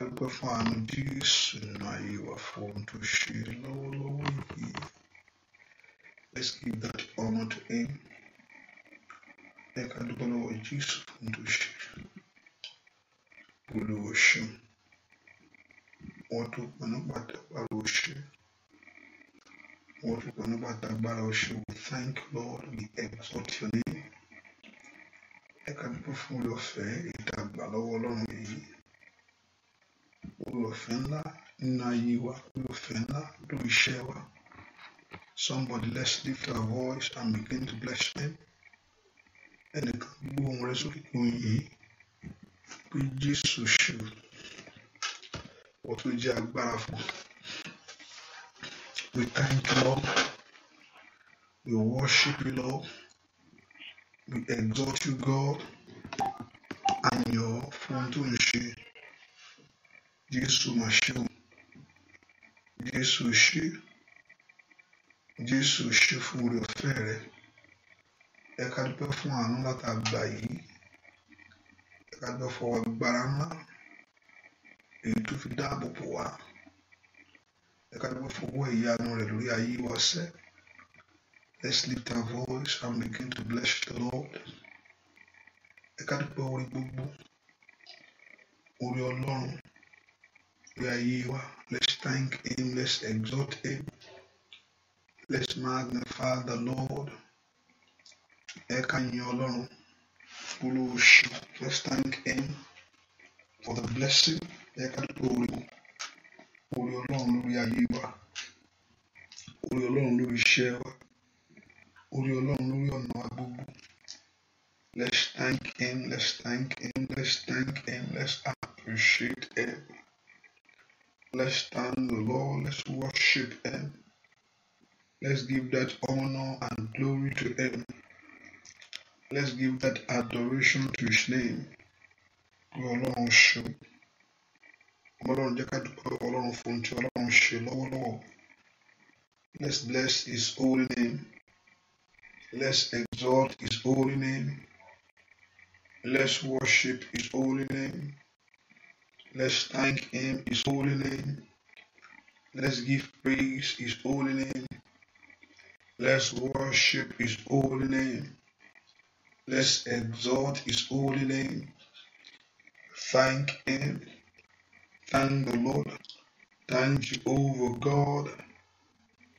dúpẹ́ fún àánú Jésù nínú ayé wa fún ohun Let's give that honor to him. Ẹ ká dúpẹ́ lọ́wọ́ Jésù fún ohun tó ṣe. Olúwo ṣeun. Wọ́n dúpẹ́ nípa agbára oṣù. Wọ́n dúpẹ́ nípa We thank Lord, we exalt your name. Ẹ ká dúpẹ́ fún olùfẹ́ ìta àgbà lọ́wọ́ Ọlọ́run yìí oore-ọ̀fẹ́ ńlá nínú wa oore-ọ̀fẹ́ ńlá lórí Somebody let's lift our voice and begin to bless him. Ẹnìkan gbogbo ohun rẹ sókè kí wọ́n yìí pé Jésù ṣù wọ́n tó jẹ́ agbára fún. We thank you Lord. We worship you Lord. We exalt you God. and fún tó ń Jésù mà ṣeun Jésù ṣe Jésù ṣe fún oore ọ̀fẹ́ rẹ ẹ ká dúpẹ́ fún àánú láta gbà yìí ẹ ká dúpẹ́ fún agbára ńlá èyí tó fi dáàbò bò wá ẹ ká dúpẹ́ fún owó ìyanu rẹ lórí ayé wa sẹ́ let's lift our voice and begin to bless the Lord ẹ ká dúpẹ́ orí gbogbo orí Ọlọ́run. where you are. Let's thank Him. Let's exalt Him. Let's magnify the Lord. Let's thank Him for the blessing. Orí Ọlọ́run lórí ayé wa, orí Ọlọ́run lórí iṣẹ́ wa, orí Ọlọ́run lórí ọ̀nà wa gbogbo. Let's thank Him, let's thank Him, let's thank Him, let's appreciate Him. Let's stand the Lord. Let's worship Him. Let's give that honor and glory to Him. Let's give that adoration to His name. Ọlọ́run ṣe ọlọ́run jẹ́ ká dúpẹ́ ọlọ́run fún ti ọlọ́run ṣe lọ́wọ́lọ́wọ́. Let's bless His holy name. Let's exalt His holy name. Let's worship His holy name. Let's thank Him, His holy name. Let's give praise, His holy name. Let's worship His holy name. Let's exalt His holy name. Thank Him. Thank the Lord. Thank Jehovah God.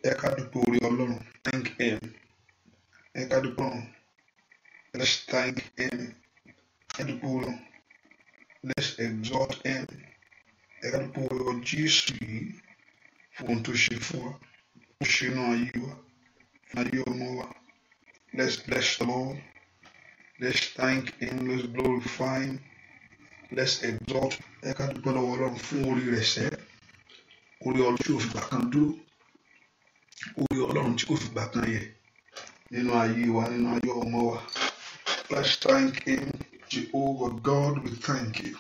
Ekadupuri Olorun. Thank Him. Ekadupuri. Let's thank Him. Ekadupuri. let's exalt him ẹ̀rọ jésù yìí fún tó ṣe fún wa ó ṣe náà ayé wa let's bless the Lord let's thank him let's glorify him let's exalt ẹ̀ka dúpẹ́ lọ́wọ́ ọlọ́run fún orí rẹ̀ sẹ́ orí ọlọ́run tí kò fìgbà kan dúró orí ọlọ́run tí kò fìgbà kan yẹ nínú ayé wa nínú ayé ọmọ wa let's thank him. Jehovah God, we thank you.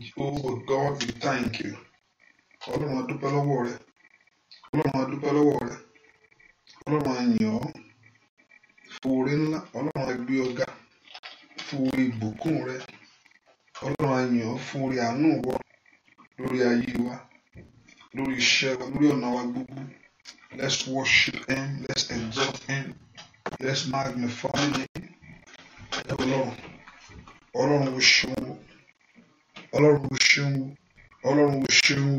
Jehovah God, we thank you. Ọlọ́run adúpẹ́ lọ́wọ́ rẹ. Ọlọ́run adúpẹ́ lọ́wọ́ rẹ. Ọlọ́run ayàn ọ́. Fòrí ńlá. Ọlọ́run ẹgbẹ́ ọ̀gá. Fòrí ìbùkún rẹ. Ọlọ́run ayàn ọ́. Fòrí àánú wọ lórí ayé wa. Lórí iṣẹ́ wa. Lórí ọ̀nà wa gbogbo. Let's worship him. Let's exalt him. Let's magnify him. Ọlọ́run ọlọ́run o ṣeun ọlọ́run o ṣeun ọlọ́run o ṣeun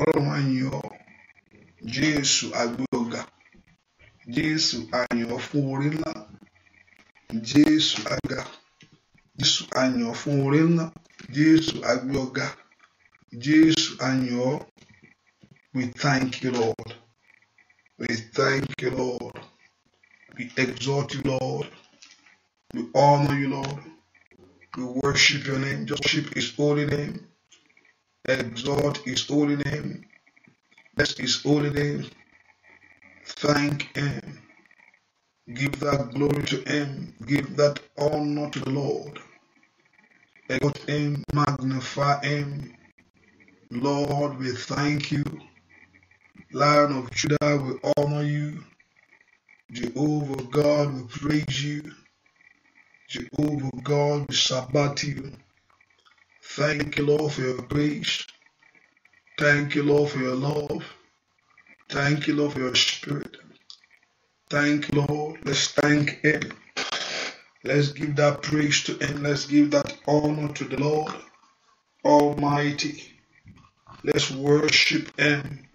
ọlọ́run àyàn ọ́ jésù agbóga jésù àyàn fún orí ńlá jésù aga jésù àyàn ọ́ fún orí ńlá jésù agbóga jésù àyàn ọ́ we thank you lord we thank you lord we exalt you lord we honor you lord We worship your name, just worship his holy name, exalt his holy name, bless his holy name, thank him, give that glory to him, give that honor to the Lord, exalt him, magnify him. Lord, we thank you. Lion of Judah, we honor you. Jehovah God, we praise you. Jehovah God, we sabbat you. Thank you, Lord, for your grace. Thank you, Lord, for your love. Thank you, Lord, for your spirit. Thank you, Lord. Let's thank Him. Let's give that praise to Him. Let's give that honor to the Lord Almighty. Let's worship Him.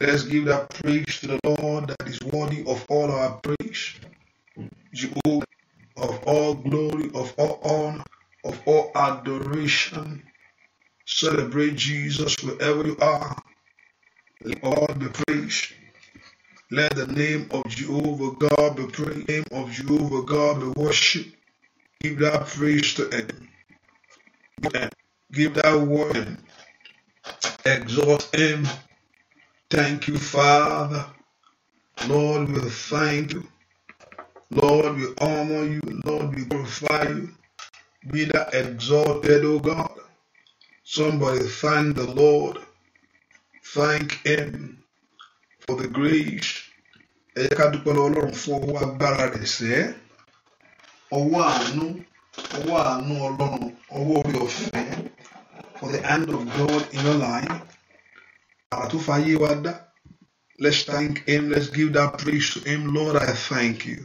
Let's give that praise to the Lord that is worthy of all our praise. Jehovah of all glory, of all honor, of all adoration. Celebrate Jesus wherever you are. Let all be praised. Let the name of Jehovah God be praised. The name of Jehovah God be worshipped. Give that praise to Him. Give that word. Exalt Him. Thank you, Father. Lord, we thank you. Lord, we honor you. Lord, we glorify you. Be that exalted, O God. Somebody thank the Lord. Thank Him for the grace. Ẹ jẹ́ ká dúpẹ́ lọ́wọ́ Ọlọ́run fún ọwọ́ agbára rẹ̀ sẹ́. Ọwọ́ àánú, ọwọ́ àánú Ọlọ́run, ọwọ́ orí ọ̀fẹ́. For the hand of God in your life. Àrà tó fa wa dá. Let's thank Him. Let's give that praise to Him. Lord, I thank you.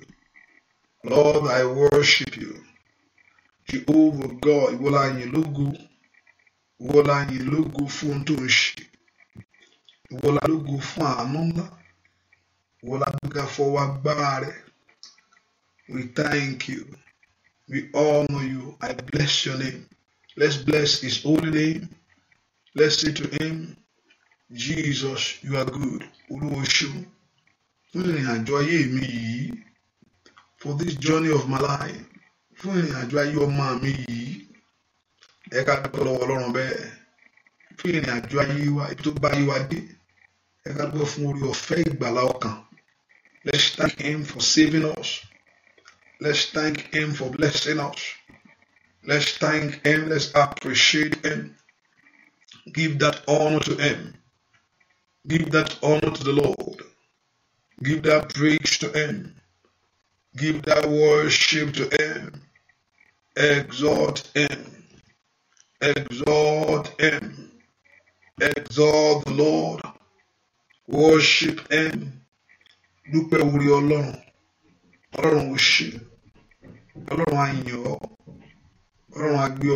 Lord, I worship you. Jehovah God, ìwọ la yìn lógo, ìwọ la yìn lógo fún ohun tó ń ṣe, ìwọ la lógo fún àánú ńlá, ìwọ la gbéga fọwọ́ We thank you, we honor you, I bless your name. Let's bless his holy name. Let's say to him, Jesus, you are good. Olúwo ṣeun. enjoy ìrìn for this journey of my life fún ìrìn àjò ayé ọmọ mi yìí ẹ ká dúpẹ́ lọ́wọ́ ọlọ́run bẹ́ẹ̀ fún ìrìn àjò ayé wa ibi tó bá yé wa dé ẹ ká dúpẹ́ fún orí ọ̀fẹ́ ìgbàlá ọkàn let's thank him for saving us let's thank him for blessing us let's thank him let's appreciate him give that honor to him give that honor to the Lord give that praise to him. Give that worship to Him. Exalt Him. Exalt Him. Exalt the Lord. Worship Him. Dúpẹ́ orí Ọlọ́run. Ọlọ́run ò ṣe. Ọlọ́run á yìn Ọlọ́run á gbé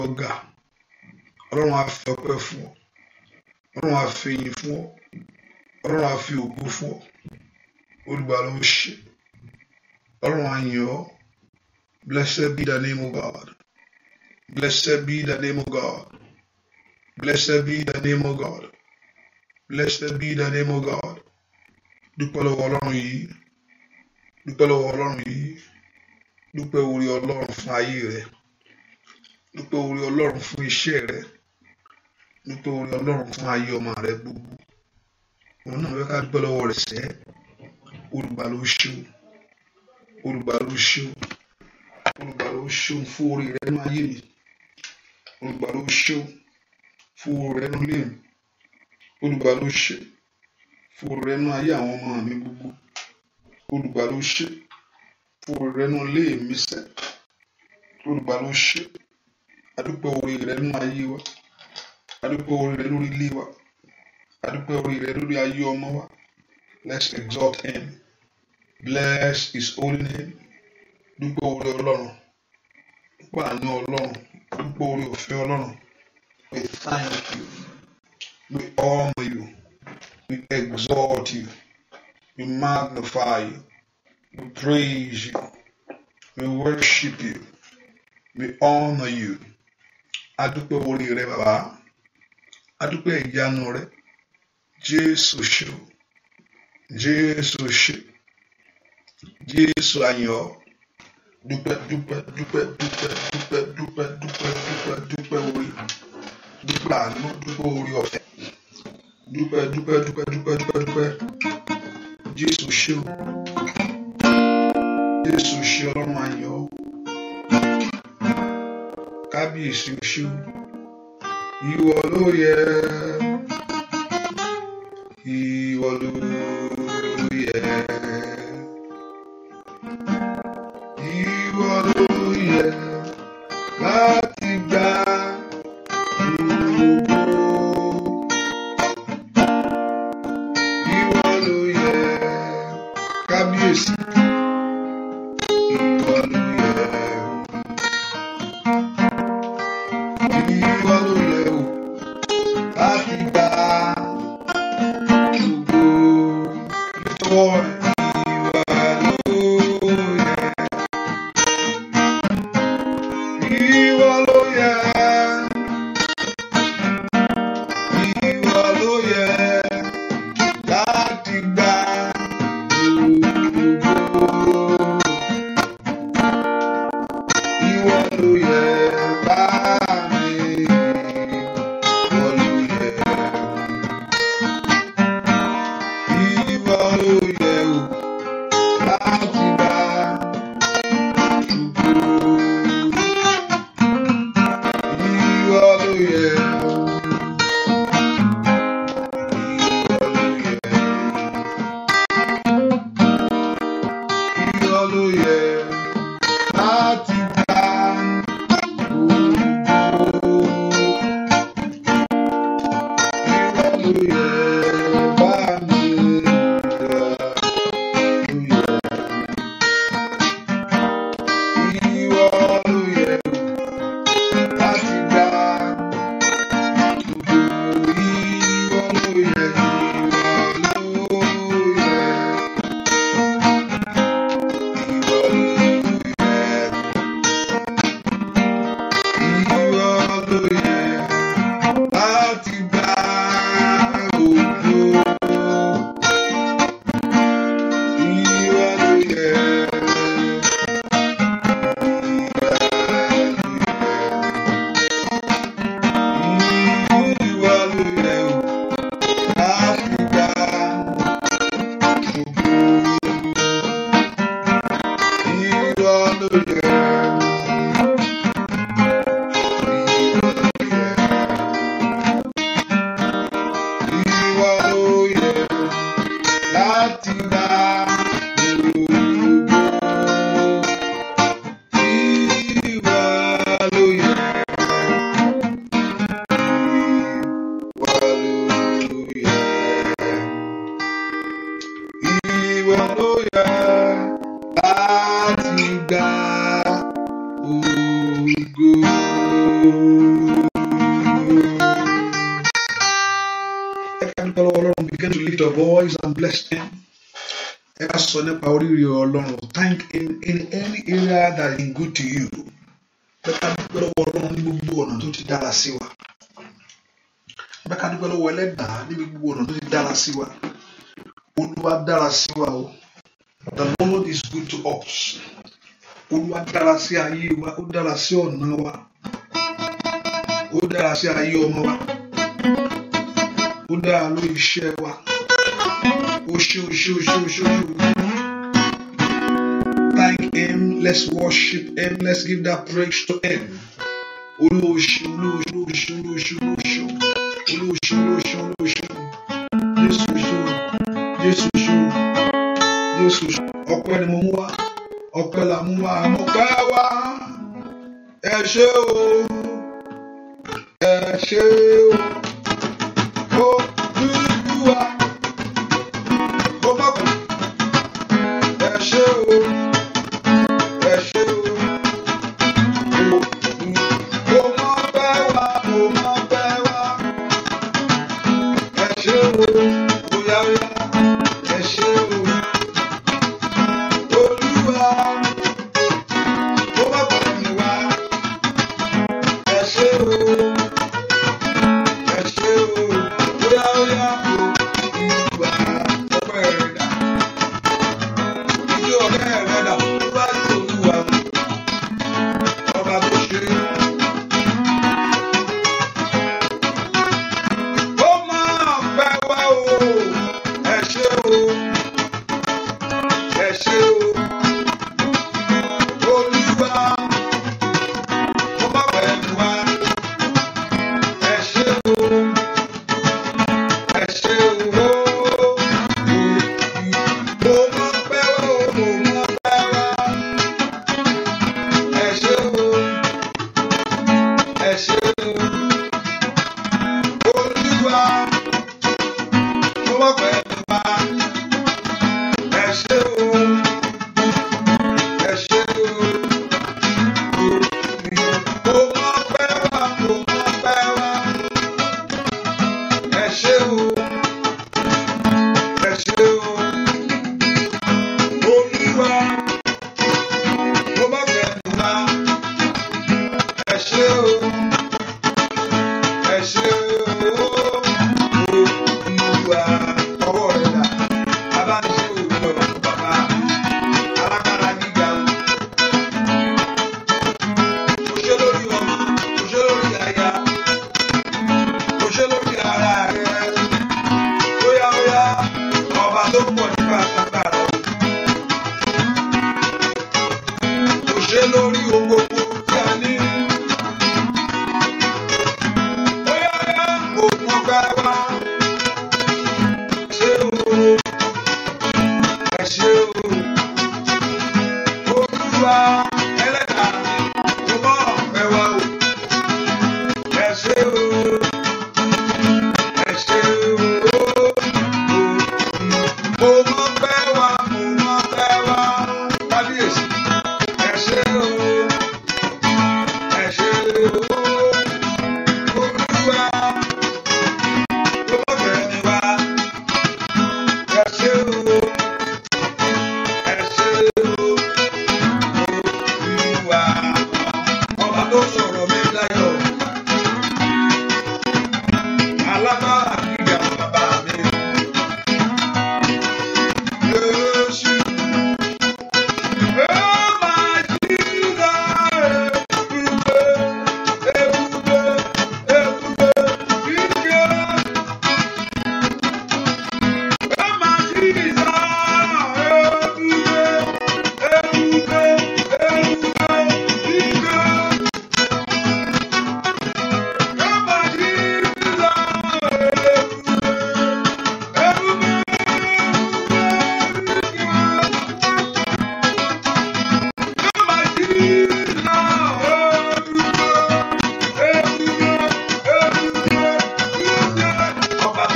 Ọlọ́run á fún ọ. Ọlọ́run á fún ọ. Ọlọ́run á fi fún ọ. Olùgbàlà ò ṣe around you. Blessed be the name of God. Blessed be the name of God. Blessed be the name of God. Blessed be the name of God. Dupe lo Ọlọ́run yìí. Dupe lo Ọlọ́run yìí. Dupe orí olorun fún ayé rẹ̀. Dúpẹ́ orí Ọlọ́run fún iṣẹ́ rẹ̀. Dúpẹ́ orí Ọlọ́run fún ayé ọmọ rẹ̀ gbogbo. Òun náà fẹ́ ká dúpẹ́ lọ́wọ́ rẹ̀ sẹ́. Olùgbàlà ó olùgbàlà ó ṣeun ayé àwọn ọmọ mi gbogbo olùgbàlà ó ṣe fún mi sẹ olùgbàlà ó orí rẹ nínú ayé wa adúpẹ́ orí rẹ lórí ilé wa adúpẹ́ orí rẹ lórí ayé ọmọ wa let's exalt him. Bless his holy name. Dúpẹ́ orí Ọlọ́run. Dúpẹ́ àánú Ọlọ́run. Dúpẹ́ orí ọ̀fẹ́ Ọlọ́run. We thank you. We honor you. We exalt you. We magnify you. We praise you. We worship you. We honor you. Adúpẹ́ orí rẹ bàbá. Adúpẹ́ ìyanu rẹ. Jésù ṣe. Jésù ṣe. Jésù ayọ̀ dúpẹ́ dúpẹ́ dúpẹ́ dúpẹ́ dúpẹ́ dúpẹ́ dúpẹ́ dúpẹ́ dúpẹ́ orí dúpẹ́ àánú dúpẹ́ orí ọ̀fẹ́ dúpẹ́ dúpẹ́ dúpẹ́ dúpẹ́ dúpẹ́ dúpẹ́ Jésù ṣé o Jésù ṣé ọlọ́run ayọ̀ kábíyèsí o ṣé o ìwọ ló yẹ ìwọ ló yẹ. Bye. oríire ọlọ́run thank him in any area that is good to you bẹ́ẹ̀ka dúpẹ́ lọ́wọ́ ọlọ́run ní gbogbo ọ̀nà tó ti dára sí wa bẹ́ẹ̀ka dúpẹ́ lọ́wọ́ ẹlẹ́dàá ní gbogbo ọ̀nà tó ti dára sí wa olúwa dára sí wa o the Lord is good to us olúwa dára sí ayé wa ó dára sí ọ̀nà wa ó dára sí ayé ọmọ wa ó dára lórí iṣẹ́ wa ó ṣe ó ṣe ó ṣe let's worship Him, let's give that praise to Him. Olóṣù olóṣù olóṣù olóṣù olóṣù olóṣù olóṣù olóṣù Jésù ṣù Jésù ṣù Jésù ṣù ọpẹ́ ni mo mú wá ọpẹ́ là mú wá ẹ ṣé o ẹ ṣé o.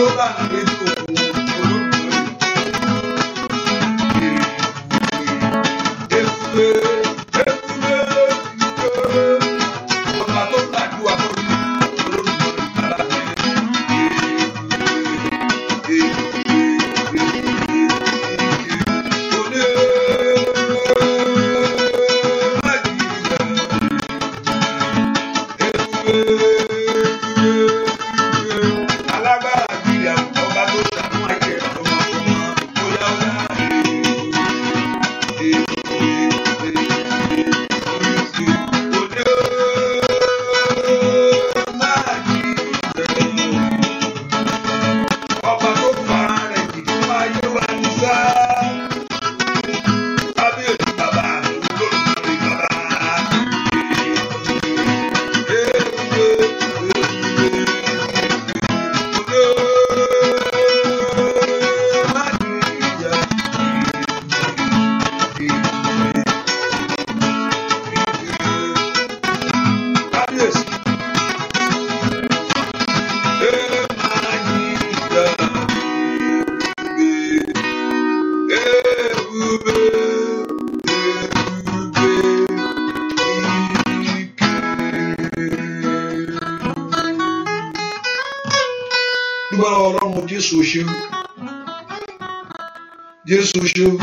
toda ressurgiu.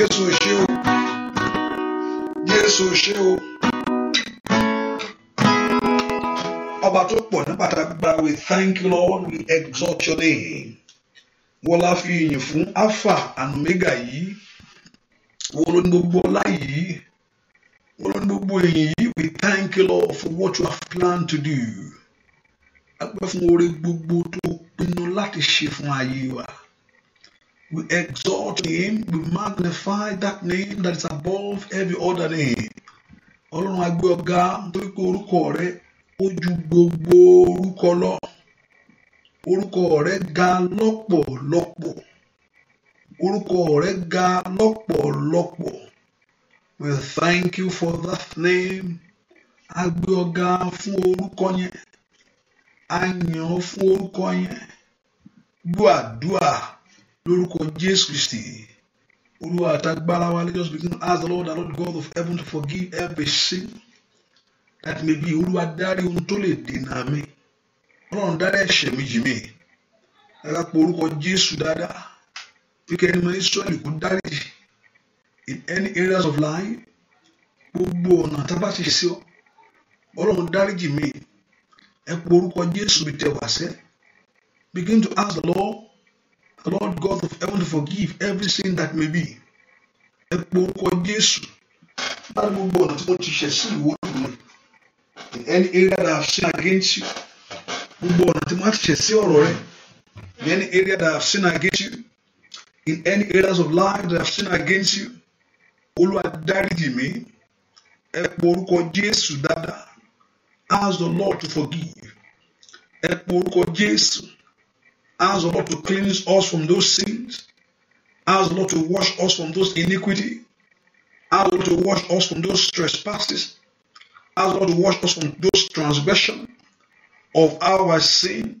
Yesu ṣé o Jésù ṣé o ọba tó pọ̀ ní pàtàkì we thank you Lord we exalt your name wọ́n la fi ìyìn fún alpha and omega yìí wọ́n ló ní gbogbo ọlá yìí wọ́n ló ní gbogbo ìyìn yìí we thank you Lord for what you have planned to do a gbẹ́ fún oore gbogbo tó pinnu láti ṣe fún ayé wa. We exalt him, we magnify that name that is above every other name. Ọlọ́run agbe gbé ọ ga nítorí pé orúkọ rẹ ó ju gbogbo orúkọ lọ. Orúkọ rẹ ga lọ́pọ̀lọpọ̀. Orúkọ rẹ ga lọ́pọ̀lọpọ̀. We thank you for that name. agbe gbé ọ ga fún orúkọ yẹn. A yàn fún orúkọ yẹn. lórúkọ Jésù Kristi olúwa àtagbára wa let us begin to ask the Lord our Lord God of heaven to forgive every sin that may be olúwa dárí ohun tó lè dènà mi ọlọ́run dárí ẹ̀ṣẹ̀ mi jì mí ẹ̀ka pọ̀ orúkọ Jésù dáadáa bí kẹ́ni mọ Ísírẹ́lì kó dárí in any areas of life gbogbo ọ̀nà tá a bá ti ṣe ọ́ ọlọ́run dárí jì mí ẹ pọ̀ orúkọ Jésù mi tẹ̀ wá sẹ́ begin to ask the Lord. Lord God of heaven to forgive every sin that may be. Ẹ pe orúkọ Jésù láti gbogbo ọ̀nà tí mo ti ṣẹ̀ sí ìwọ ìdùnnú. In any area that I have sinned against you. Gbogbo ọ̀nà tí mo ti ṣẹ̀ sí ọ̀rọ̀ rẹ. In any area that I have sinned against you. In any areas of life that I have sinned against you. Olúwa dáríjì mi. Ẹ pe orúkọ Jésù dáadáa. Ask the Lord to forgive. Ẹ pe orúkọ Jésù. Ask the Lord to cleanse us from those sins. Ask the Lord to wash us from those iniquity. Ask the Lord to wash us from those trespasses. Ask the Lord to wash us from those transgression of our sin,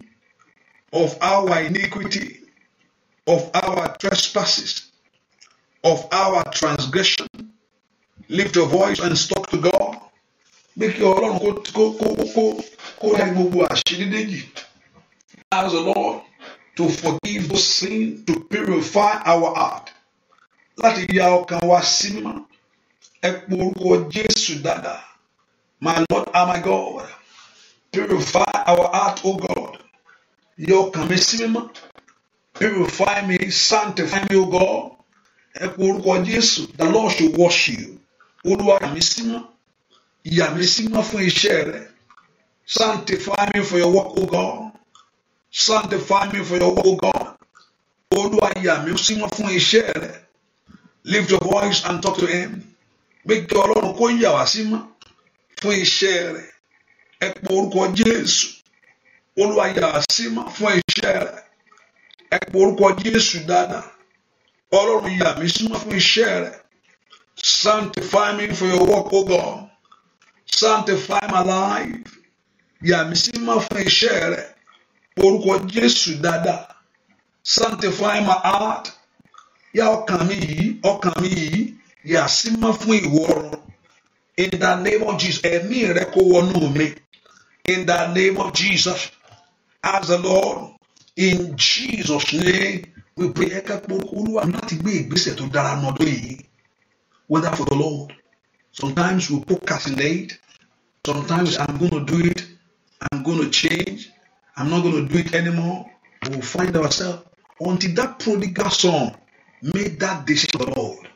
of our iniquity, of our trespasses, of our transgression. Lift your voice and talk to God. Make your ọlọ́run go go go go go dá gbogbo Ask the Lord to forgive those sins, to purify our heart. Láti ya ọkàn wa sí mímọ́. Ẹ po Jésù dáadáa. My Lord and my God, purify our heart, O God. Yẹ ọkàn mi sí mímọ́. Purify me, sanctify me, O God. Ẹ po Jésù. The Lord should wash you. Olúwa mi sí mímọ́. Ìyà mi sí mímọ́ fún iṣẹ́ rẹ̀. Sanctify me for your work, O God. Sanctify me for your word, God. Olúwa yà mí sí mọ́ fún Lift your voice and talk to him. Gbé kí Ọlọ́run kó yà wá sí mọ́ fún iṣẹ́ rẹ̀. Ẹ pọ orúkọ Jésù. Olúwa yà wá sí mọ́ fún iṣẹ́ rẹ̀. Ẹ pọ orúkọ Jésù dáadáa. Ọlọ́run yà mí sí fún iṣẹ́ rẹ̀. Sanctify me for your work, O oh God. Sanctify my life. Yà mí sí mọ́ fún iṣẹ́ rẹ̀ orúkọ Jésù dáadáa sanctify my heart yá ọkàn mi yìí ọkàn mi yìí yà sí mọ́ fún ìwọ ọ̀rọ̀ in the name of Jesus ẹ̀mí rẹ kó wọnú mi in the name of Jesus as the Lord in Jesus name we pray ẹ ká pọ̀ olúwa láti gbé ìgbésẹ̀ tó dára nọdún yìí whether for the Lord sometimes we procrastinate sometimes I'm gonna do it I'm gonna change I'm not going to do it anymore. We will find ourselves until that prodigal son made that decision of the Lord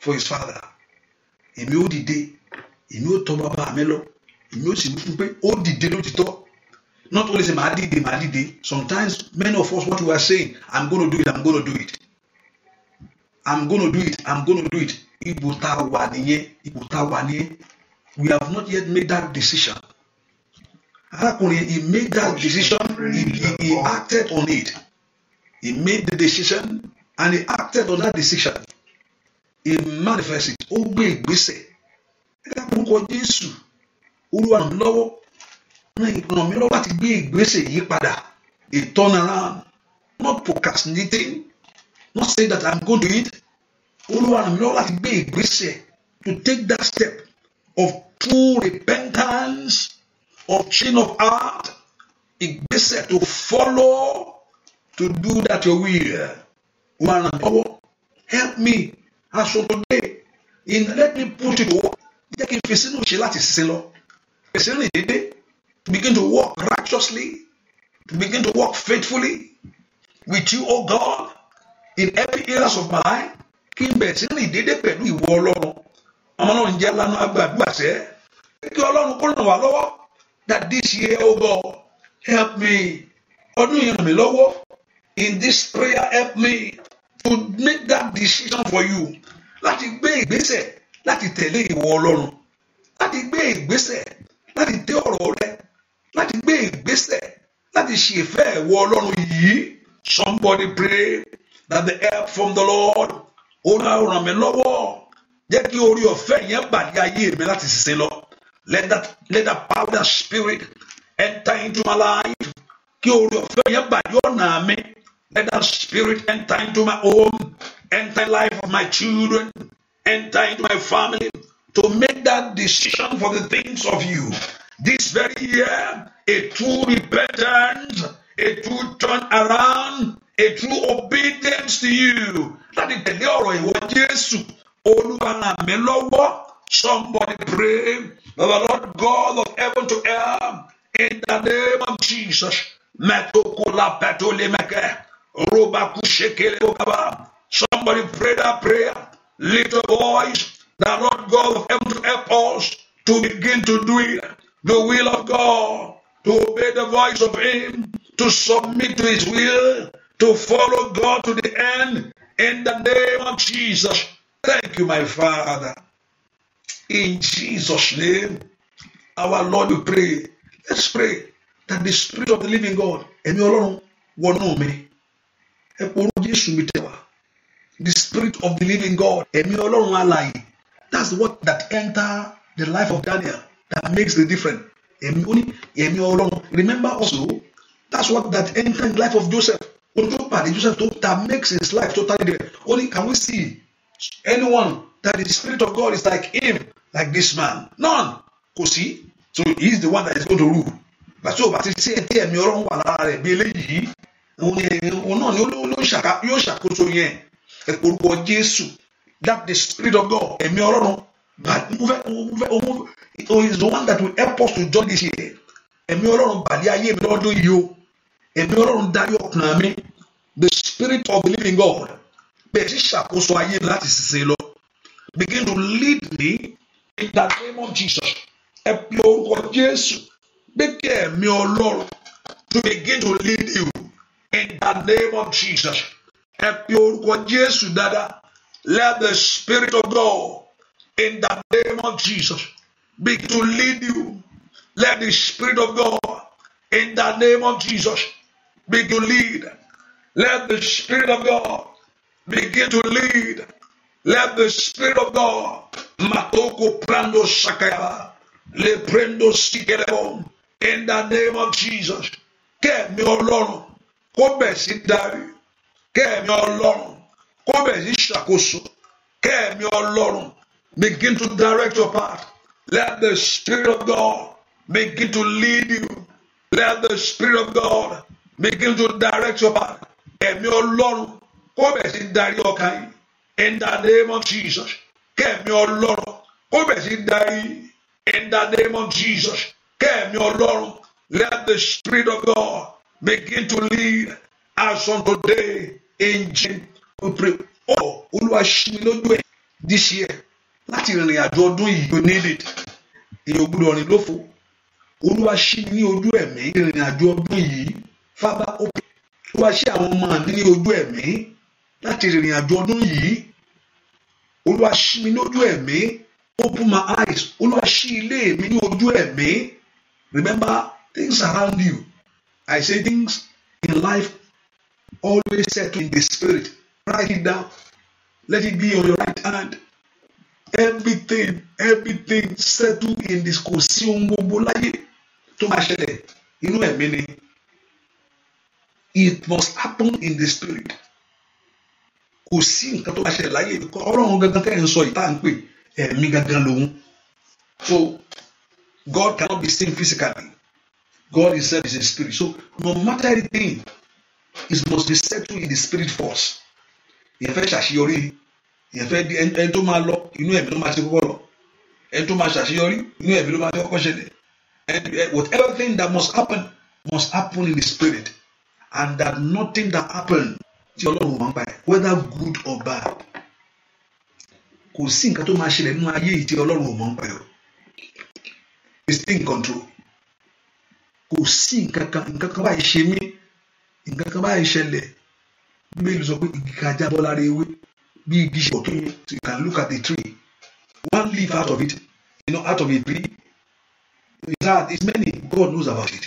for his father. Èmi ó dìde, èmi ó tọ bàbá mi lọ, èmi ó sì wí fún pé ó dìde lótìtọ́. Not only say màá dìde màá dìde, sometimes many of us what we are saying, I'm gonna do it, I'm gonna do it. I'm gonna do it, I'm gonna do it. Ipò tá a wà nìyẹn, ipò wà nìyẹn. We have not yet made that decision arákùnrin he made that decision he, he, he acted on it he made the decision and he acted on that decision he manifested ó gbé ìgbésẹ̀ ẹ̀ka kúrúkọ Jésù Olúwa ràn mí lọ́wọ́ ràn mí lọ́wọ́ láti gbé ìgbésẹ̀ yí padà turn around. not procrastinating not say that I'm going to do it Olúwa ràn mí lọ́wọ́ láti gbé ìgbésẹ̀ to take that step of true repentance chain of heart, ìgbésẹ̀ to follow to do that your will. Wọ́n ràn mí Help me as of today. In let me put it to work. Jẹ́ kí n fi sínú ṣe láti sin lọ. Fèsì rìn dédé. To begin to work righteously. To begin to work faithfully with you, O God, in every areas of my life. Kí n bẹ̀rẹ̀ sí rìn dédé pẹ̀lú ìwọ Ọlọ́run. Ọmọ náà ń jẹ́ lánàá àgbàgbàṣẹ́. Kí Ọlọ́run kó ràn wá lọ́wọ́ that this year, oh God, help me. Ọdún yìí ràn lọ́wọ́. In this prayer, help me to make that decision for you. Láti gbé ìgbésẹ̀ láti tẹ̀lé ìwọ Ọlọ́run. Láti gbé ìgbésẹ̀ láti tẹ ọ̀rọ̀ rẹ. Láti gbé ìgbésẹ̀ láti ṣèfẹ́ ìwọ Ọlọ́run yìí. Somebody pray that the help from the Lord ó ràn mí lọ́wọ́. Jẹ́ kí orí ọ̀fẹ́ yẹn bàjẹ́ ayé mi láti ṣiṣẹ́ lọ let that let that power spirit enter into my life kí orí ọ̀fẹ́ yẹn bàjẹ́ ọ̀nà mi let that spirit enter into my home enter life of my children enter into my family to make that decision for the things of you this very year a true repentance a true turn around a true obedience to you láti tẹ̀lé ọ̀rọ̀ ìwọ Jésù olúwa ràn mí lọ́wọ́. Somebody pray, the Lord God of heaven to earth, in the name of Jesus. Somebody pray that prayer. Little voice, the Lord God of heaven to help us to begin to do it, the will of God, to obey the voice of Him, to submit to His will, to follow God to the end in the name of Jesus. Thank you, my Father. In Jesus' name, our Lord, we pray. Let's pray that the Spirit of the Living God, ẹ̀mí Ọlọ́run, wọnú mi. Ẹ porú The Spirit of the Living God, ẹ̀mí Ọlọ́run That's what that enter the life of Daniel that makes the difference. Ẹ̀mí ó Remember also, that's what that enter the life of Joseph. Ojú pàdé Joseph tó that makes his life totally different. Only can we see anyone that the Spirit of God is like him like this man none kò sí so he is the one that is going to rule bàtí o bá ti ṣe ẹtí ẹ̀mí ọlọ́run wà lára rẹ̀ bí eléyìí òun náà ni yóò ṣàkóso yẹn orúkọ jésù that the spirit of God ẹ̀mí ọlọ́run is the one that will help us to judge this year ẹ̀mí ọlọ́run bàlẹ́ ayé mi lọ́dún yìí o ẹ̀mí ọlọ́run darí ọkàn mi the spirit of the living God bẹ̀rẹ̀ sí ṣàkóso ayé mi láti ṣiṣẹ́ lọ begin to lead me in the name of Jesus ẹ pe orúkọ Jésù gbé kí ẹ̀mí Ọlọ́run to begin to lead you in the name of Jesus ẹ pe orúkọ Jésù dáadáa let the spirit of God in the name of Jesus begin to lead you let the spirit of God in the name of Jesus begin to lead let the spirit of God begin to lead. Let the Spirit of God matoko prando shakaya le prendo sikelebo in the name of Jesus. Kẹ́mi Ọlọ́run kó bẹ̀ sí darí. Kẹ́mi Ọlọ́run kó bẹ̀ sí ṣàkóso. Kẹ́mi Ọlọ́run begin to direct your path. Let the Spirit of God begin to lead you. Let the Spirit of God begin to direct your path. Ẹ̀mí Ọlọ́run kó bẹ̀ sí darí ọkàn yìí in the name of Jesus kẹ́mi ọlọ́run kó bẹ̀ sí darí in the name of Jesus kẹ́mi ọlọ́run let the spirit of God begin to lead us on today in Jesus we pray oh olúwa ṣí mi lójú ẹ̀ this year láti rìnrìn àjò ọdún yìí you need it èyí ò gbúdọ̀ rìn lófo olúwa ṣí mi ní ojú ẹ̀mí ìrìn àjò ọdún yìí fábá ó pè olúwa ṣí àwọn ọmọ mi ní ojú ẹ̀mí láti rìnrìn àjò ọdún yìí olúwa ṣí mi lójú ẹ̀mí open my eyes olúwa ṣí ilé mi ní ojú ẹ̀mí remember things around you I say things in life always settle in the spirit write it down let it be on your right hand everything everything settle in this kò sí ohun gbogbo láyé tó máa ṣẹlẹ̀ inú ẹ̀mí ni it must happen in the spirit kò sí nǹkan tó bá ṣẹlẹ̀ láyé ọlọ́run gangan tẹ́ ẹ̀ ń sọ yìí tá à ń pè ẹ̀mí gangan lòun so God cannot be seen physically God himself is a spirit so no matter anything it must be settled in the spirit force ìyẹn fẹ́ ṣàṣeyọrí ìyẹn fẹ́ ẹni tó máa lọ inú ẹ̀mí ló máa ti kọ́kọ́ lọ ẹni tó máa ṣàṣeyọrí inú ẹ̀mí ló máa ti kọ́kọ́ ṣẹlẹ̀ eh, whatever thing that must happen must happen in the spirit and that nothing that happened tí ọlọ́run mọ̀ ń pa ẹ̀ whether good or bad kò sí nǹkan tó máa ṣẹlẹ̀ nínú ayé yìí tí ọlọ́run mọ̀ ń pa ẹ̀ o he is still in control kò sí nǹkan kan nǹkan kan báyìí ṣe mí nǹkan kan báyìí ṣẹlẹ̀ bíbélì sọ pé igi kan jábọ́ lára ewé bí igi ṣe ọ̀tún so you can look at the tree one leaf out of it you know out of a tree it's hard it's many God knows about it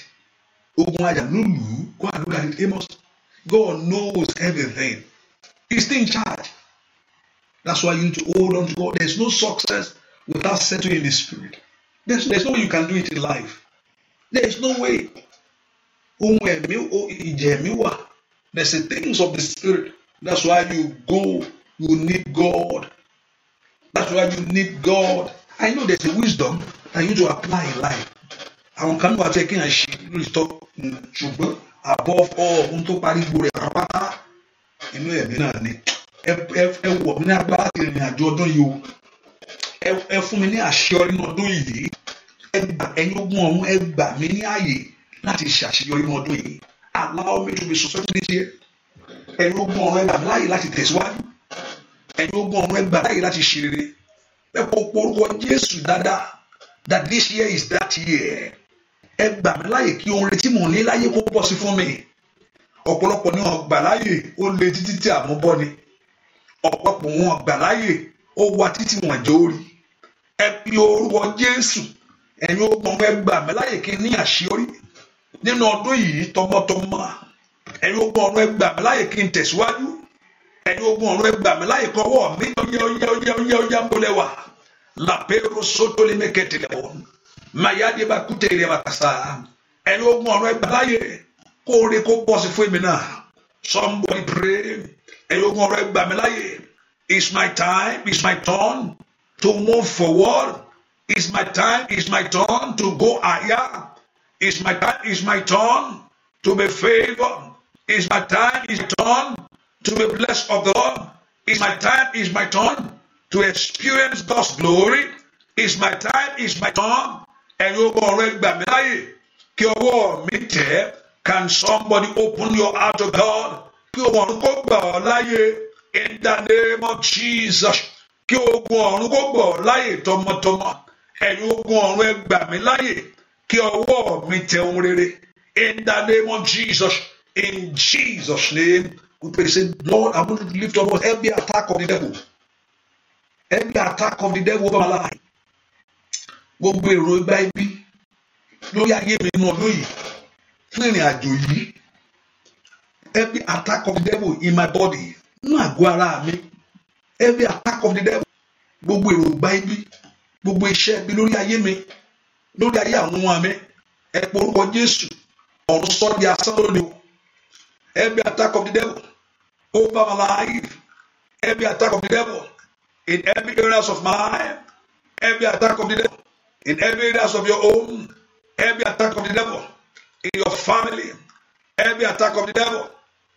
ogun ajá ló lù ú go and look at it Amos. God knows everything. He's still in charge. That's why you need to hold on to God. There's no success without settling in the spirit. There's, there's no way you can do it in life. There's no way. There's the things of the spirit. That's why you go, you need God. That's why you need God. I know there's a wisdom that you need to apply in life. Àwọn kan wà tẹ́ kí n ṣe lórí tọ́ ṣùgbọ́n above all ohun tó parí gbogbo rẹ̀ pátápátá inú ẹ̀mí náà ni ẹ wọ̀ mí ní agbára ìrìn àjò ọdún yìí o ẹ fún mi ní àṣeyọrí ní ọdún yìí ẹ̀yin ogun ọ̀hún ẹ gbà mí ní àyè láti ṣàṣeyọrí ní ọdún yìí allow me to be successful this year ẹ̀yin ogun ọ̀hún ẹ gbà mí láàyè láti tẹ̀síwájú ẹ̀yin ogun ọ̀hún ẹ gbà láàyè láti ṣe rere ẹ kò porúkọ Jésù dáadáa that this year is that year ẹ gbà mí láàyè kí ohun retí mò ń lé láyé kó bọ́ sí fún mi ọ̀pọ̀lọpọ̀ ni wọ́n gbà láàyè ó lé títí tí àmúbọ́ ni ọ̀pọ̀lọpọ̀ wọn gbà láàyè ó wá títí wọn jẹ́ orí ẹ fi orúkọ Jésù ẹ̀yin ó gbọ́n ẹ gbà mí láàyè kí n ní àṣeyọrí nínú ọdún yìí tọmọtọmọ ẹ̀yin ó gbọ́n ọ̀run ẹ gbà mí láàyè kí n tẹ̀síwájú ẹ̀yin ó gbọ́n ọ̀run ẹ gbà mí láàyè kọ́wọ́ mi yọ́yọ́yọ́yọ́yọ́ mbólẹ́wà làpẹ́rọ́ sótólẹ́mẹ́kẹ́tìlẹ́wọ̀n. mayade bá kú tèrè bàtàsá ẹni ogun ọ̀rọ̀ ẹgbà láyè kóore kó bọ́ sí fún somebody pray ẹni ogun ọ̀rọ̀ ẹgbà mi láyè it's my time it's my turn to move forward it's my time it's my turn to go higher it's my time it's my turn to be favoured it's my time it's my turn to be blessed of the Lord it's my time it's my turn to experience God's glory it's my time it's my turn. ẹ̀yin ọmọ ọ̀rọ̀ ẹgbà mi láàyè kí ọwọ́ mi tẹ̀ can somebody open your heart to God kí ọmọ ọ̀run kó gbà ọ́ láàyè in the name of Jesus kí ogun ọ̀run kó gbà ọ́ láàyè tọmọtọmọ ẹ̀yin ogun ọ̀run ẹgbà mi láàyè kí ọwọ́ mi tẹ̀ ohun rere in the name of Jesus in Jesus name we pray say Lord I want you to lift up every attack of the devil every attack of the devil over my life gbogbo èrò igba ibi lórí ayé mi nínú ọdún yìí fún ìrìn àjò yìí every attack of the devil in my body nínú àgọ́ ara mi every attack of the devil gbogbo èrò igba ibi gbogbo iṣẹ́ ibi lórí ayé mi lórí ayé àwọn ọmọ mi ẹ orúkọ Jésù ọ̀run sọ di asán lónìí o every attack of the devil over my life every attack of the devil in every areas of my life every attack of the devil in every areas of your own, every attack of the devil, in your family, every attack of the devil,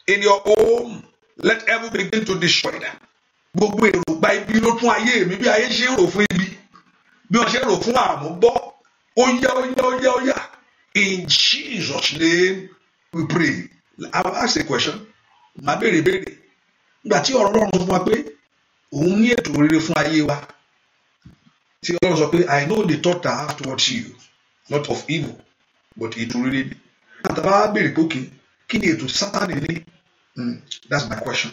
in your home, let evil begin to destroy them. Gbogbo èròǹgbà ibi ló tún ayé mi bí ayé ṣe ń rò fún ibi bí wọ́n ṣe ń rò fún àmúbọ́ ó yá ó yá ó yá ó yá in Jesus name we pray. I will ask a question. Màá béèrè béèrè. Nígbà tí ọ̀rọ̀ Ọlọ́run fún wa pé òun ní ètò rere fún ayé wa tí ọlọ́run sọ pé I know the thought I have towards you not of evil but it really. ni àtàbá béèrè pé òkè kí ni ètò sátani ní hmm, that's my question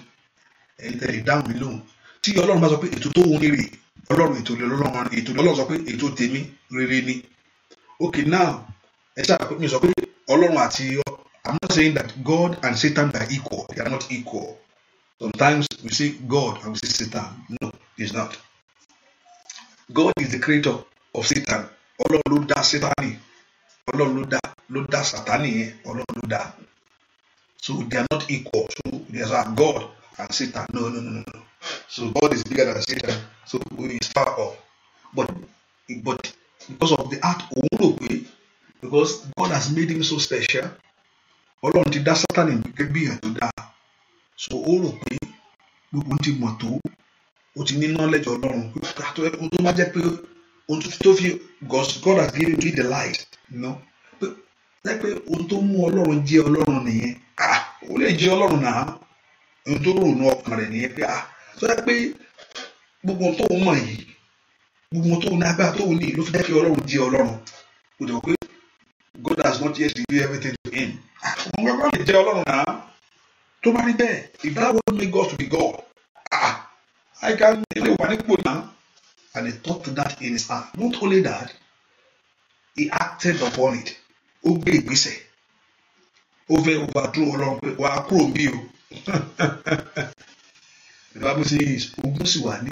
ẹ̀yin tẹ̀lé dáhùn mi lóhùn tí ọlọ́run bá sọ pé ètò tó wọn rere ọlọ́run ètò ọlọ́run ètò ọlọ́run sọ pé ètò tèmi rere ni okay now ẹ ṣáà mi sọ pé ọlọ́run àti I'm not saying that God and Satan are equal they are not equal sometimes we say God and we say Satan no it's not. God is the creator of Satan ọlọ́run ló dá Sátánì ọlọ́run ló dá ló dá Sátánì yẹn ọlọ́run ló dá so they are not equal so there is our God and Satan no no no no so God is bigger than Satan so he is far off but but because of the act òun rò pé because God has made him so special ọlọ́run ti dá Sátánì gẹ́gẹ́ bí tó dáa so ó rò pé gbogbo ń ti mọ̀ tó o ti ní knowledge ọlọ́run tó bá jẹ́ pé ohun tó fi God has given me the light no pé jẹ́ pé ohun tó mú ọlọ́run jẹ́ ọlọ́run nìyẹn ah ó lè jẹ́ ọlọ́run náà ohun tó rò nù ọkàn rẹ̀ nìyẹn pé ah tó yẹ pé gbogbo ohun tó ń mọ̀ yìí gbogbo ohun tó ń agbára tó ń ní ló fi jẹ́ kí ọlọ́run jẹ́ ọlọ́run o jẹ́ pé God has not yet given everything to him ah òun gbọ́dọ̀ lè jẹ́ ọlọ́run náà tó bá rí bẹ́ẹ̀ if that word make God to be God. I can and he thought to that in his heart. Not only that, he acted upon it. Ó gbé ìgbésẹ̀. over fẹ́ overthrow Ọlọ́run pé wàá kúrò bí o. The Bible says ogun sì wà ní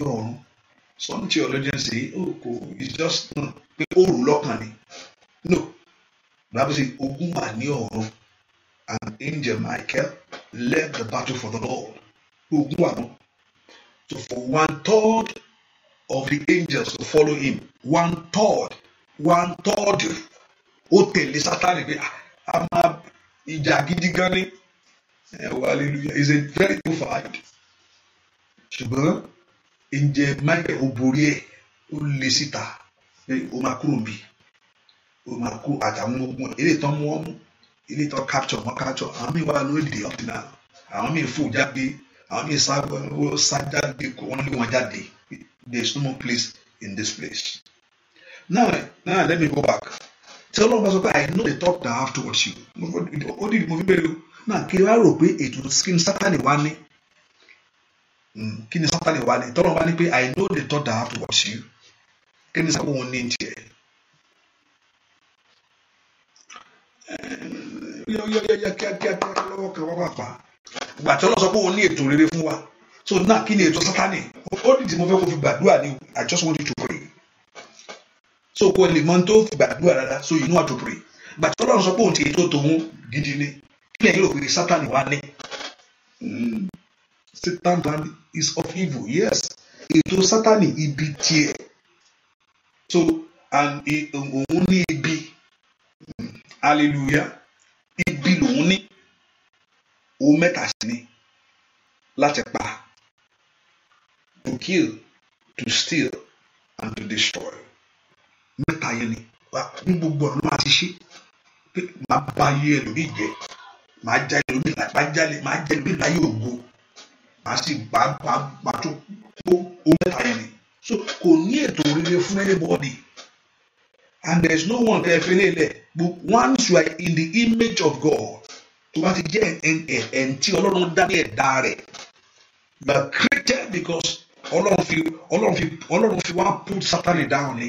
Some theologians say oh ko it's just pé oòrùn lọ́kàn ni. No, the Bible says ogun wà ní ọ̀run and angel Michael left the battle for the Lord. Ogun wà So for one third of the angels to follow him, one third, one third ó tẹ̀lé sátani pé ah, a máa ìjà gidi gan ni eh, hallelujah is a very good fight ṣùgbọ́n ǹjẹ́ Michael ó borí ẹ̀ ó lé síta pé ó máa kúrò bí ó máa kú àtàwọn ogun eré tán mú wọn mú tán capture wọn capture àwọn míì wà lóde up till now àwọn míì fò jáde àwọn yìí sá sá jáde kó wọn lé wọn jáde there is no more place in this place now now let me go back Tell ọlọ́run bá sọ i know the thought that i have towards you ó dìde mo fi bẹ̀rẹ̀ o náà kí wàá rò pé ètò kí ni sátani wá ní hmm, kí ni sátani wá ní tọ́lọ́run bá ní pé i know the thought that i have towards you kí ni sátani wọn ní tiẹ̀. yọ yọ yọ yọ kíákíá lọ́wọ́ kan wá wà pa ìgbà tí ọlọ́sọ pé òun ní ètò rere fún wa so náà kí ni ètò sátani ó dìde mo fẹ́ kó fi gbàdúrà ni I just want you to pray so kò lè mọ tó fi gbàdúrà rárá so you know how to pray ìgbà tí ọlọ́sọ pé òun ti ètò tòun gidi ni kí lẹ́yìn rò pé sátani wà ní. Hmm. Satan plan is of evil yes ètò sátani ibi tiẹ̀ so and e, òun ní ibi hmm. hallelujah ibi lòun ní ohun mẹ́ta sì ni láti pa to kill to steal and to destroy mẹ́ta yẹn ni ní gbogbo ọ̀nà máa ti ṣe pé màá ba ayé ẹlòmíì jẹ́ màá já ẹlòmíì màá já màá já ẹlòmíì láyé ògo màá sì bá bá bá tó kó ohun mẹ́ta yẹn ni so kò ní ètò rere fún anybody and there is no one tẹ́ ẹ fi but once you are in the image of God tó bá ti jẹ́ ẹ̀ǹ tí ọlọ́run dá ní ẹ̀dá rẹ̀ you are created because ọlọ́run fi ọlọ́run fi ọlọ́run fi wá put Sátánì down ni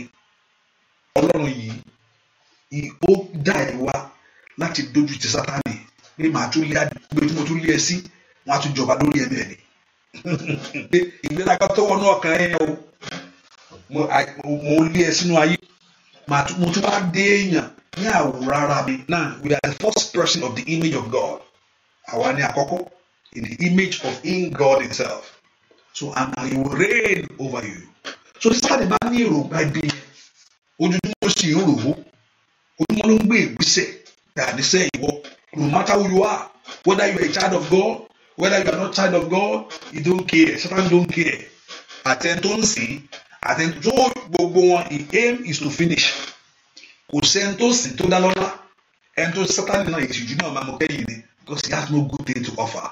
ọlọ́run yìí ó dá ẹ̀ wá láti dojú ti Sátánì pé màá tún lé pé tí mo tún lé ẹ sí wọn á tún jọba lórí ẹ̀mí ẹ̀ ni ìgbéraga tó wọnú ọkàn ẹ̀ o mo lé ẹ sínú ayé mo tún bá dé èèyàn ní àwòrán we are the first person of the image of God àwa ni àkọ́kọ́ in the image of in God himself so and he will reign over you so sísáàdì bá ní èròǹgbà ibi ojoojúmọ́ sì ń rò ó ojúmọ́ ló ń gbé ìgbésẹ̀ àdìsẹ́ ìwọ no matter who you are whether you are a child of God whether you are not child of God you don't care Satan don't care àtẹ̀ntó ń sìn àtẹ̀ntó gbogbo wọn his aim is to finish kò sí ẹni tó sìn tó dá lọ́lá ẹni tó sátani náà ìṣíjú náà máa mọ kẹ́yìn ni because he has no good thing to offer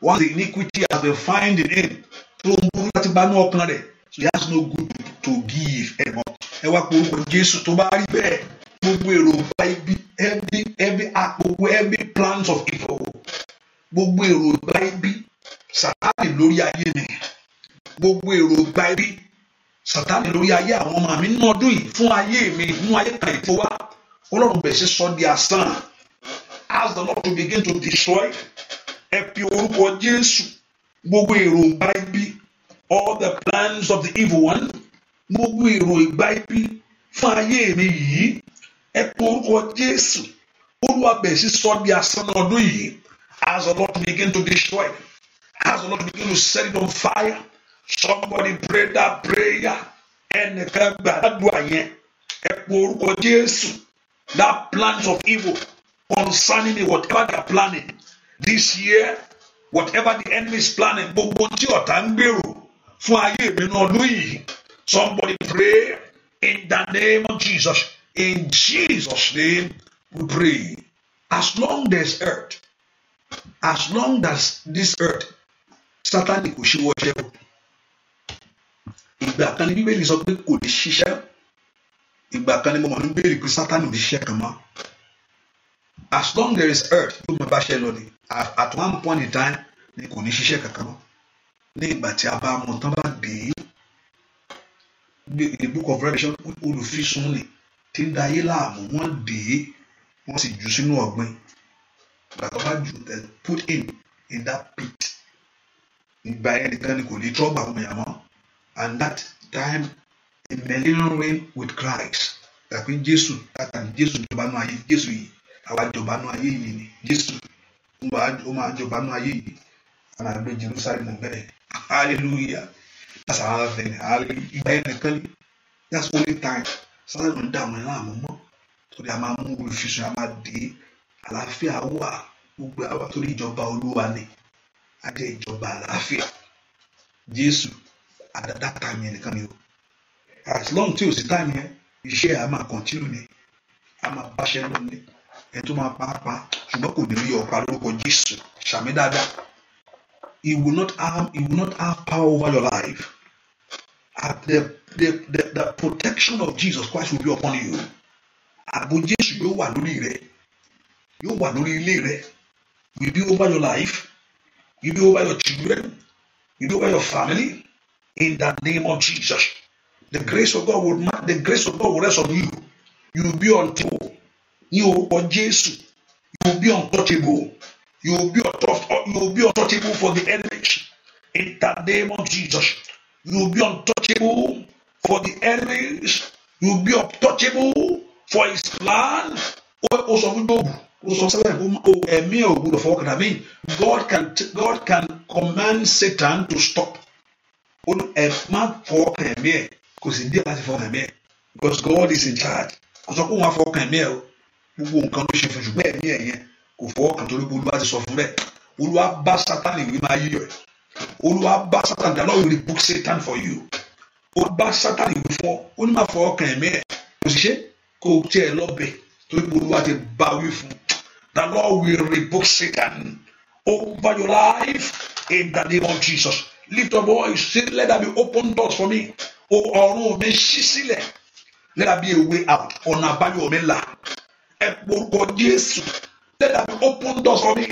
once the iniquity has been found in him tó ń burú láti bá ní ọkàn rẹ̀ so he has no good to give ẹ̀ mọ́ ẹ wá pé orúkọ Jésù tó bá rí bẹ́ẹ̀ gbogbo èrò ibi every every gbogbo every plans of evil gbogbo èrò bá ibi sàtánì lórí ayé ni gbogbo èrò ibi sátánì lórí ayé àwọn ọmọ mi nínú ọdún yìí fún ayé mi nínú ayé kan ètò wa ọlọ́run bẹ̀ ṣe sọ di asán as the Lord to begin to destroy ẹ pe orúkọ Jésù gbogbo èròǹgbà ibi all the plans of the evil one gbogbo èròǹgbà ibi fún ayé mi yìí ẹ pe orúkọ Jésù olúwa bẹ̀ ṣe sọ di asán ọdún yìí as the Lord to begin to destroy as the Lord to begin to set it on fire somebody pray that prayer ẹnìkan gbàdúrà yẹn ẹ pọ orúkọ Jésù that plans of evil concerning me whatever they are planning this year whatever the enemy is planning gbogbo tí ọ̀tá ń gbèrò fún ayé mi náà ọdún yìí somebody pray in the name of Jesus in Jesus name we pray as long as earth as long as this earth Sátánì kò ṣíwọ́ ṣẹ́gun ìgbà kan ní bíbélì sọ pé kò lè ṣiṣẹ́ ìgbà kan ní mo mọ̀ ní bíbélì pé sátánì lè ṣiṣẹ́ kan mọ́ as long there is earth yóò máa bá ṣe lọ ni at one point in time ni kò ní ṣiṣẹ́ kankan mọ́ ní ìgbà tí a bá mọ tán bá dé the book of Revelation olùfisùn ni tí ń da ayé láàmú wọ́n dé wọ́n sì jù sínú ọ̀gbìn bàbá bá jù put in in that pit ìgbà yẹn nìkan ni kò ní trọ́bù àwọn èèyàn mọ́ and that time the Millennium reign with Christ tàbí Jésù látàrí Jésù jọba nù ayé Jésù yìí àwa jọba nù ayé yìí ni Jésù ó máa jọba nù ayé yìí àmà gbé Jerusalem bẹ́ẹ̀ hallelujah that's another thing hallelujah ìgbà yẹn nìkan ni that's only time sáré ń dààmú ẹ̀ láàmú mọ́ torí a máa mú olùfisùn a máa dé àlàáfíà wà gbogbo àwa torí ìjọba Olúwa ni a jẹ́ ìjọba àlàáfíà Jésù at that time in the ni as long tí o sì time yẹn iṣẹ́ a máa continue ni a máa it. lọ ni ẹ tó máa pàápàá ṣùgbọ́n kò ní rí ọ̀pá lórúkọ Jésù ṣàmì dáadáa he will not have he will not have power over your life at the the the the protection of Jesus Christ will be upon you ààbò Jésù yóò wà lórí rẹ yóò wà lórí ilé rẹ will be over your life will be over your children will be over your family in the name of Jesus. The grace of God will the grace of God will rest on you. You will be untouchable. Ní orúkọ Jésù, you will be untouchable. You will be untouchable. You will be untouchable for the enemies. In the name of Jesus, you will be untouchable for the enemies. You will be untouchable for his plan. God can God can command Satan to stop ó ní ẹ má fọwọ́kàn ẹ̀mí ẹ̀ kò sì díẹ̀ láti fọwọ́kàn ẹ̀mí ẹ̀ because God is in charge kò sọ pé òun á fọwọ́kàn ẹ̀mí ẹ̀ o gbogbo nǹkan ló ṣe fún ṣùgbọ́n ẹ̀mí ẹ̀ yẹn kò fọwọ́kàn torí pé olúwa ti sọ fún bẹ́ẹ̀ olúwa bá sátani wí máa yíyọ ẹ̀ olúwa bá sátani the Lord will rebuke Satan for you olúwa bá sátani wí fún ọ ó ní má fọwọ́kàn ẹ̀mí ẹ̀ kò sì ṣe kò tiẹ̀ lọ́bẹ̀ torí pé olúwa ti bá wí fún the Lord will rebuke Satan over your life in the name of Jesus lift up your voice say let there be open doors for me ọ̀run mi ṣí sílẹ̀ let there be a way out ọ̀nà àbáyọ mi là ẹ porúkọ Jésù let there be open doors for me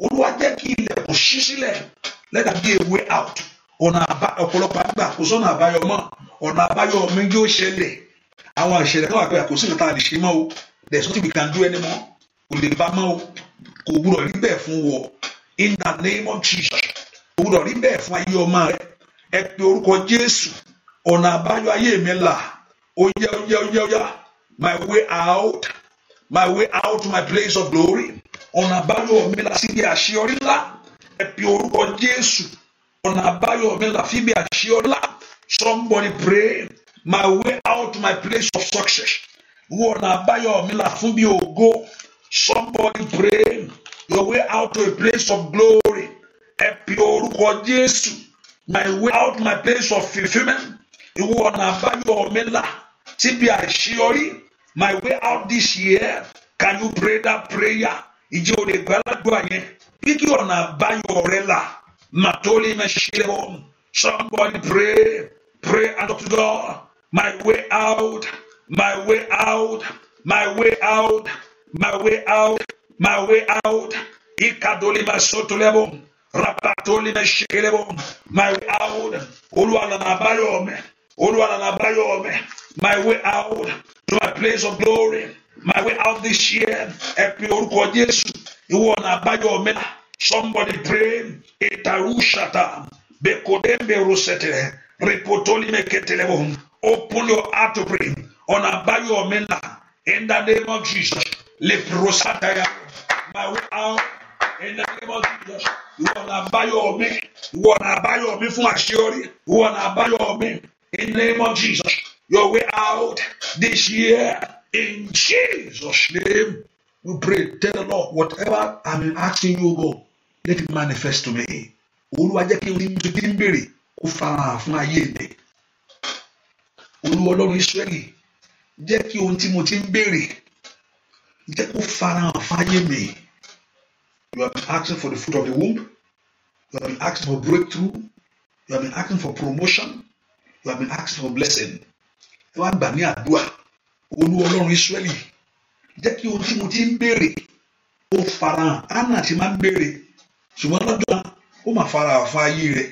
Olúwa jẹ́ kí ilẹ̀kùn ṣí sílẹ̀ let there be a way out ọ̀nà àbá ọ̀pọ̀lọpọ̀ àgbà kò sọ́nà àbáyọ mọ́ ọ̀nà àbáyọ mi yóò ṣẹlẹ̀ àwọn ìṣẹ̀lẹ̀ kan wà pé àkóso ìkàtà lè ṣe mọ́ o there's nothing we can do anymore kò lè bá mọ́ o kò gbúdọ̀ rí bẹ́ẹ̀ fún wọ in the name of Jesus òwúrọ̀ rí bẹ́ẹ̀ fún ayé ọmọ rẹ ẹ pe orúkọ Jésù ọ̀nà àbáyọ ayé mi là ó yá ó yá my way out my way out my place of glory ọ̀nà àbáyọ mi là síbi àṣeyọrí ńlá ẹ pe orúkọ Jésù ọ̀nà àbáyọ mi là síbi àṣeyọrí ńlá somebody pray my way out my place of success wo ọ̀nà àbáyọ mi là fún bí ògo somebody pray your way out to a place of glory ẹ pe orúkọ Jésù my way out my place of fulfilment ìwọ ọ̀nà àbáyọ mi là síbi àṣeyọrí my way out this year can you pray that prayer ìjẹ́ òde gbàládùn àyẹn kíkí ọ̀nà àbáyọ rẹ là màtólì mẹ́ṣẹ́lẹ́bọ̀ somebody pray pray and talk to God my way out my way out my way out my way out my way out ìkàdólì mẹ́ṣẹ́lẹ́bọ̀ rapatoli me shekelebo my way out olúwa lànà àbáyọ mi olúwa lànà my way out to my place of glory my way out this year ẹ pe orúkọ Jésù ìwọ ọ̀nà àbáyọ mi náà somebody pray itarushata bekodembe rusetele ripotoli meketelebo open your heart to pray Ona àbáyọ mi náà in the name of Jesus leprosataya my way out in the name of Jesus ìwọ náà báyọ̀ mi ìwọ náà báyọ̀ mi fún àṣeyọrí ìwọ náà báyọ̀ mi in the name of Jesus your way out this year in Jesus name we pray tell the Lord whatever I'm asking you go let it manifest to me Olúwa jẹ́ kí n ní ti ń béèrè kó fara fún ayé mi Olúwa Ọlọ́run Ísírẹ́lì jẹ́ kí ohun tí mo ti ń béèrè jẹ́ kó fara hàn fún ayé mi you are asking for the fruit of the womb You have been asking for breakthrough. You have been asking for promotion. You have been asking for blessing. Ẹ wá gbà ní àdúrà. Olú Ọlọ́run Ísírẹ́lì. Jẹ́ kí o tí mo ti ń béèrè. o farahàn. Anna ti máa ń béèrè. Ṣùgbọ́n lọ́jọ́ ó máa farahàn fún ayé rẹ̀.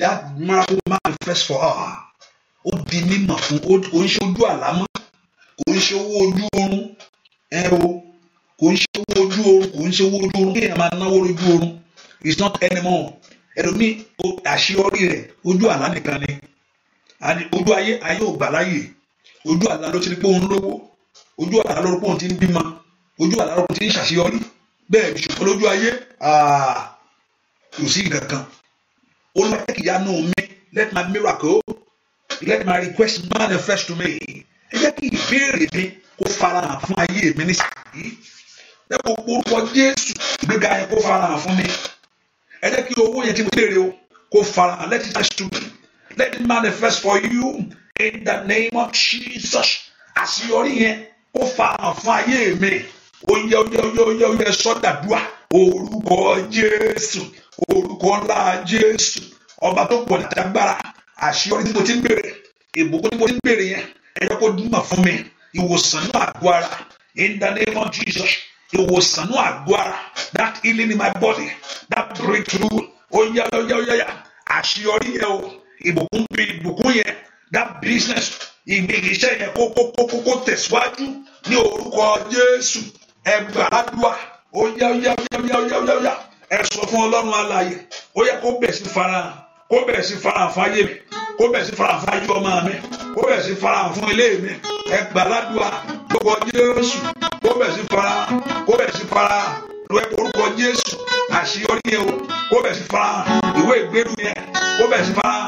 That miracle manifest for her. Ó di mímọ̀ fún o ń ṣe ojú àlámọ́. Kò ń ṣe owó ojú oorun. Ẹ o. Kò ń ṣe owó ojú oorun. Kò ń ṣe owó ojú oorun. Kéèyàn máa náwó lójú oorun it's not anymore ẹlòmíì àṣeyọrí rẹ̀ ojú àlá nìkan ni ojú ayé ayé ò gbà láàyè ojú àlá ló ti rí pé òun lówó ojú àlá ló rí pé òun ti ń bímọ ojú àlá ló rí pé òun ti ń ṣàṣeyọrí bẹ́ẹ̀ bí ṣùgbọ́n lójú ayé kò sí nǹkan kan olúwa jẹ́ kí ìyanu mi let my miracle let my request manifest to me ẹ jẹ́ kí ìbéèrè mi kó farahàn fún ayé mi nísìnyí ẹ kò orúkọ Jésù ìgbéga yẹn kó farahàn fún mi ẹ jẹ́ kí owó yẹn ti mo léèrè o kó fara let it touch to me let it manifest for you in the name of Jesus àṣeyọrí yẹn kó fara fún ayé mi oyè oyè oyè oyè oyè sọdàdúà orúkọ Jésù orúkọ ńlá Jésù ọba tó pọ̀ dàgbára àṣeyọrí tí mo ti ń béèrè ìbùkún tí mo ti ń béèrè yẹn ẹ jẹ́ kó dùnmọ̀ fún mi ìwòsàn náà àgọ́ ara in the name of Jesus you will sanu agbára that healing in my body that breakthrough oya oya oya ya àṣeyọrí yẹn o ìbùkún bí ìbùkún yẹn that business ìgbégiṣẹ́ yẹn kó kó kó kó kó tẹ̀síwájú ní orúkọ Jésù ẹgbàádùá oya oya oya oya oya oya ẹ sọ fún Ọlọ́run alààyè ó yẹ kó bẹ̀ sí farahàn kó bẹ̀rẹ̀ sí fara fáyé mi kó bẹ̀rẹ̀ sí fara fáyé ọmọ mi kó bẹ̀rẹ̀ sí fara fún ilé mi ẹ gbàládùá lórúkọ Jésù kó bẹ̀rẹ̀ sí fara kó bẹ̀rẹ̀ sí fara lórúkọ Jésù àṣeyọrí yẹn o kó bẹ̀rẹ̀ sí fara ìwé ìgbéru yẹn kó bẹ̀rẹ̀ sí fara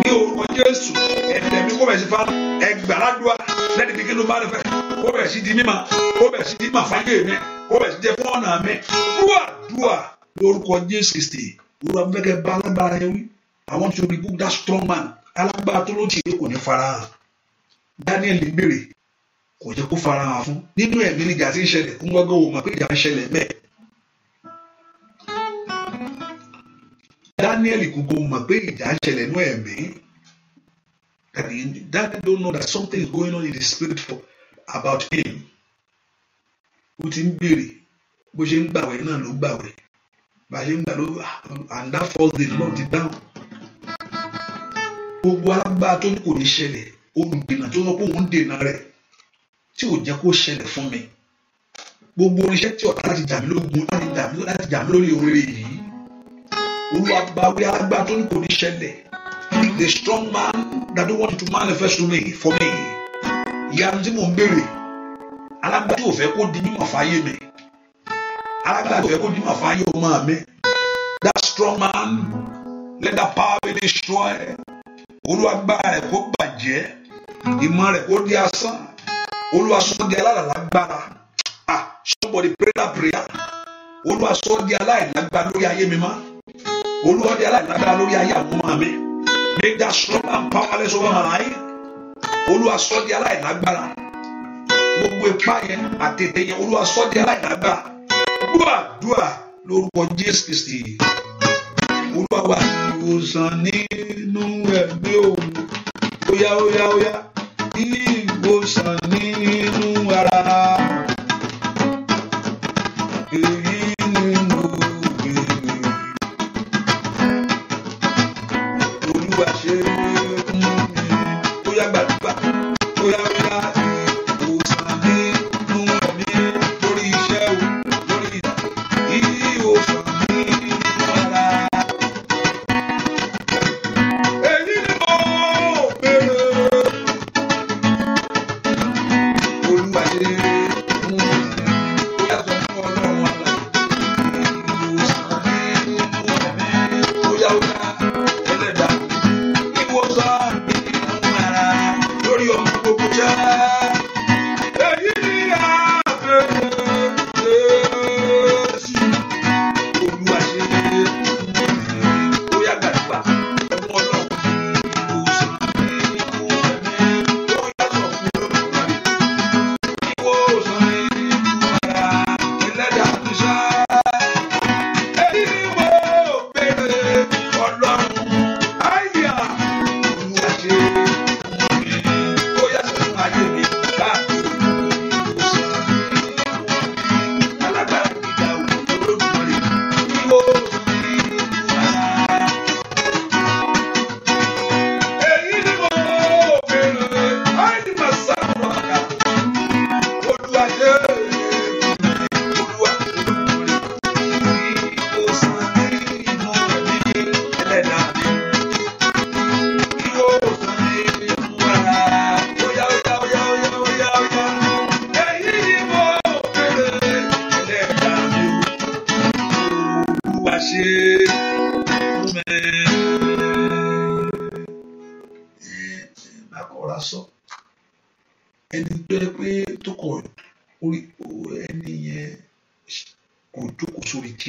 ní orúkọ Jésù ẹ̀dẹ̀ mi kó bẹ̀rẹ̀ sí fara ẹ gbàládùá lẹ́ni bí kí ló bá rẹ fẹ́ kó bẹ̀rẹ̀ sí di mímà kó bẹ̀rẹ̀ sí di mímà fáyé mi kó bẹ̀rẹ̀ sí jẹ fún ọ̀nà mi dúà dúà lórúkọ Jésù Kristi olúwa mi bá alágbára yẹn wí I want to rebuke that strong man. Alágbára tó ló ti yé kò ní farahàn. Daniel béèrè kò jẹ́ kó farahàn fún. Nínú ẹ̀mí ni ìjà ti ń ṣẹlẹ̀ kún gbọ́gbọ́ wò mọ̀ pé ìjà ń ṣẹlẹ̀ bẹ́ẹ̀. Daniel kúkú mọ̀ pé ìjà ń ṣẹlẹ̀ nú ẹ̀mí. That Daniel don't know that something is going on in the spirit for, about him. Ó ti ń béèrè bó ṣe ń gbàwẹ̀ náà ló gbàwẹ̀. Bá ṣe ń gbà ló ah, and that false day Lord ti dáhùn gbogbo alágbára tó ní kò ní ṣẹlẹ̀ olùdènà tó sọ pé òun dènà rẹ̀ tí ò jẹ́ kó ṣẹlẹ̀ fún mi gbogbo oríṣẹ́ tí ọ̀tá láti jà mí lógun láti jà mí láti jà mí lórí oore yìí olúwa alágbára tó ní kò ní ṣẹlẹ̀ the strong man that don't want to manifest to me for me ìyanu tí mò ń béèrè alágbára tí ò fẹ́ kó di mímọ̀ fáyé mi alágbára tí ò fẹ́ kó di mímọ̀ fáyé ọmọ mi that strong man let that power be destroyed olúwa agbára rẹ̀ kó bàjẹ́ ìmọ̀ rẹ̀ kó di asán olúwa aláìlágbára ah somebody pray that prayer olúwa sọ di aláìlágbára lórí ayé mi mọ́ olúwa di aláìlágbára lórí ayé àwọn ọmọ mi make that strong and powerless over my life olúwa sọ di aláìlágbára gbogbo ipá yẹn àtètè yẹn olúwa sọ di aláìlágbára gbọ́ àdúrà lórúkọ jésù kristi olúwa wà ìwòsàn nínú ẹ̀mí òun óyá óyá óyá ìwòsàn ní inú ara.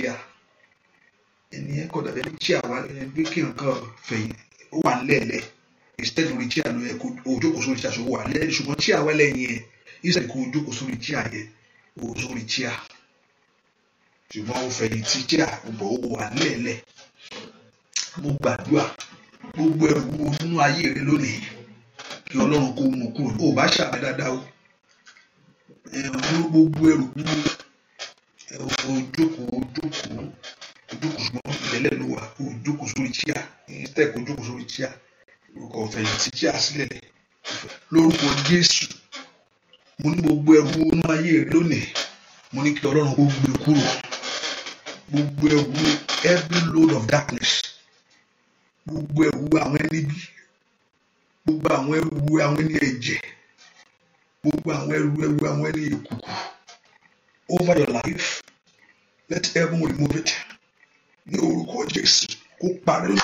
chair ẹnìyẹn kọ̀ dàbí ẹni chair wá bí kí nǹkan fẹ̀yìn ó wà nílẹ̀lẹ̀ instead orí chair ló yẹ kó ojókòó sórí chair ṣòwò wà lẹ́yìn ṣùgbọ́n chair wá lẹ́yìn ẹ̀ instead kó ojókòó sórí chair yẹn ó sórí chair ṣùgbọ́n ó fẹ̀yìn tí chair bọ̀ ó wà nílẹ̀lẹ̀ mo gbàdúrà gbogbo ẹrù nínú ayé rẹ lónìí kí ọlọ́run kó mú kúrò ó bá ṣàbẹ̀ dáadáa o gbogbo ẹrù gbogbo ojókòó ojókòó ojókòó ṣùgbọ́n ìdẹ́lẹ̀ ló wà ojókòó sórí chíà instead ojókòó sórí chíà orúkọ ọ̀fẹ̀yìn sí chíà sílẹ̀ lórúkọ Jésù mo ní gbogbo ẹrù inú ayé rẹ lónìí mo ní kí Ọlọ́run kó gbé e kúrò gbogbo ẹrù every load of darkness gbogbo ẹrù àwọn ẹni bí gbogbo àwọn ẹrù àwọn ẹni ẹ̀jẹ̀ gbogbo àwọn ẹrù ẹrù àwọn ẹni ìkùkù over your life let heaven remove it ní orúkọ Jésù kó parí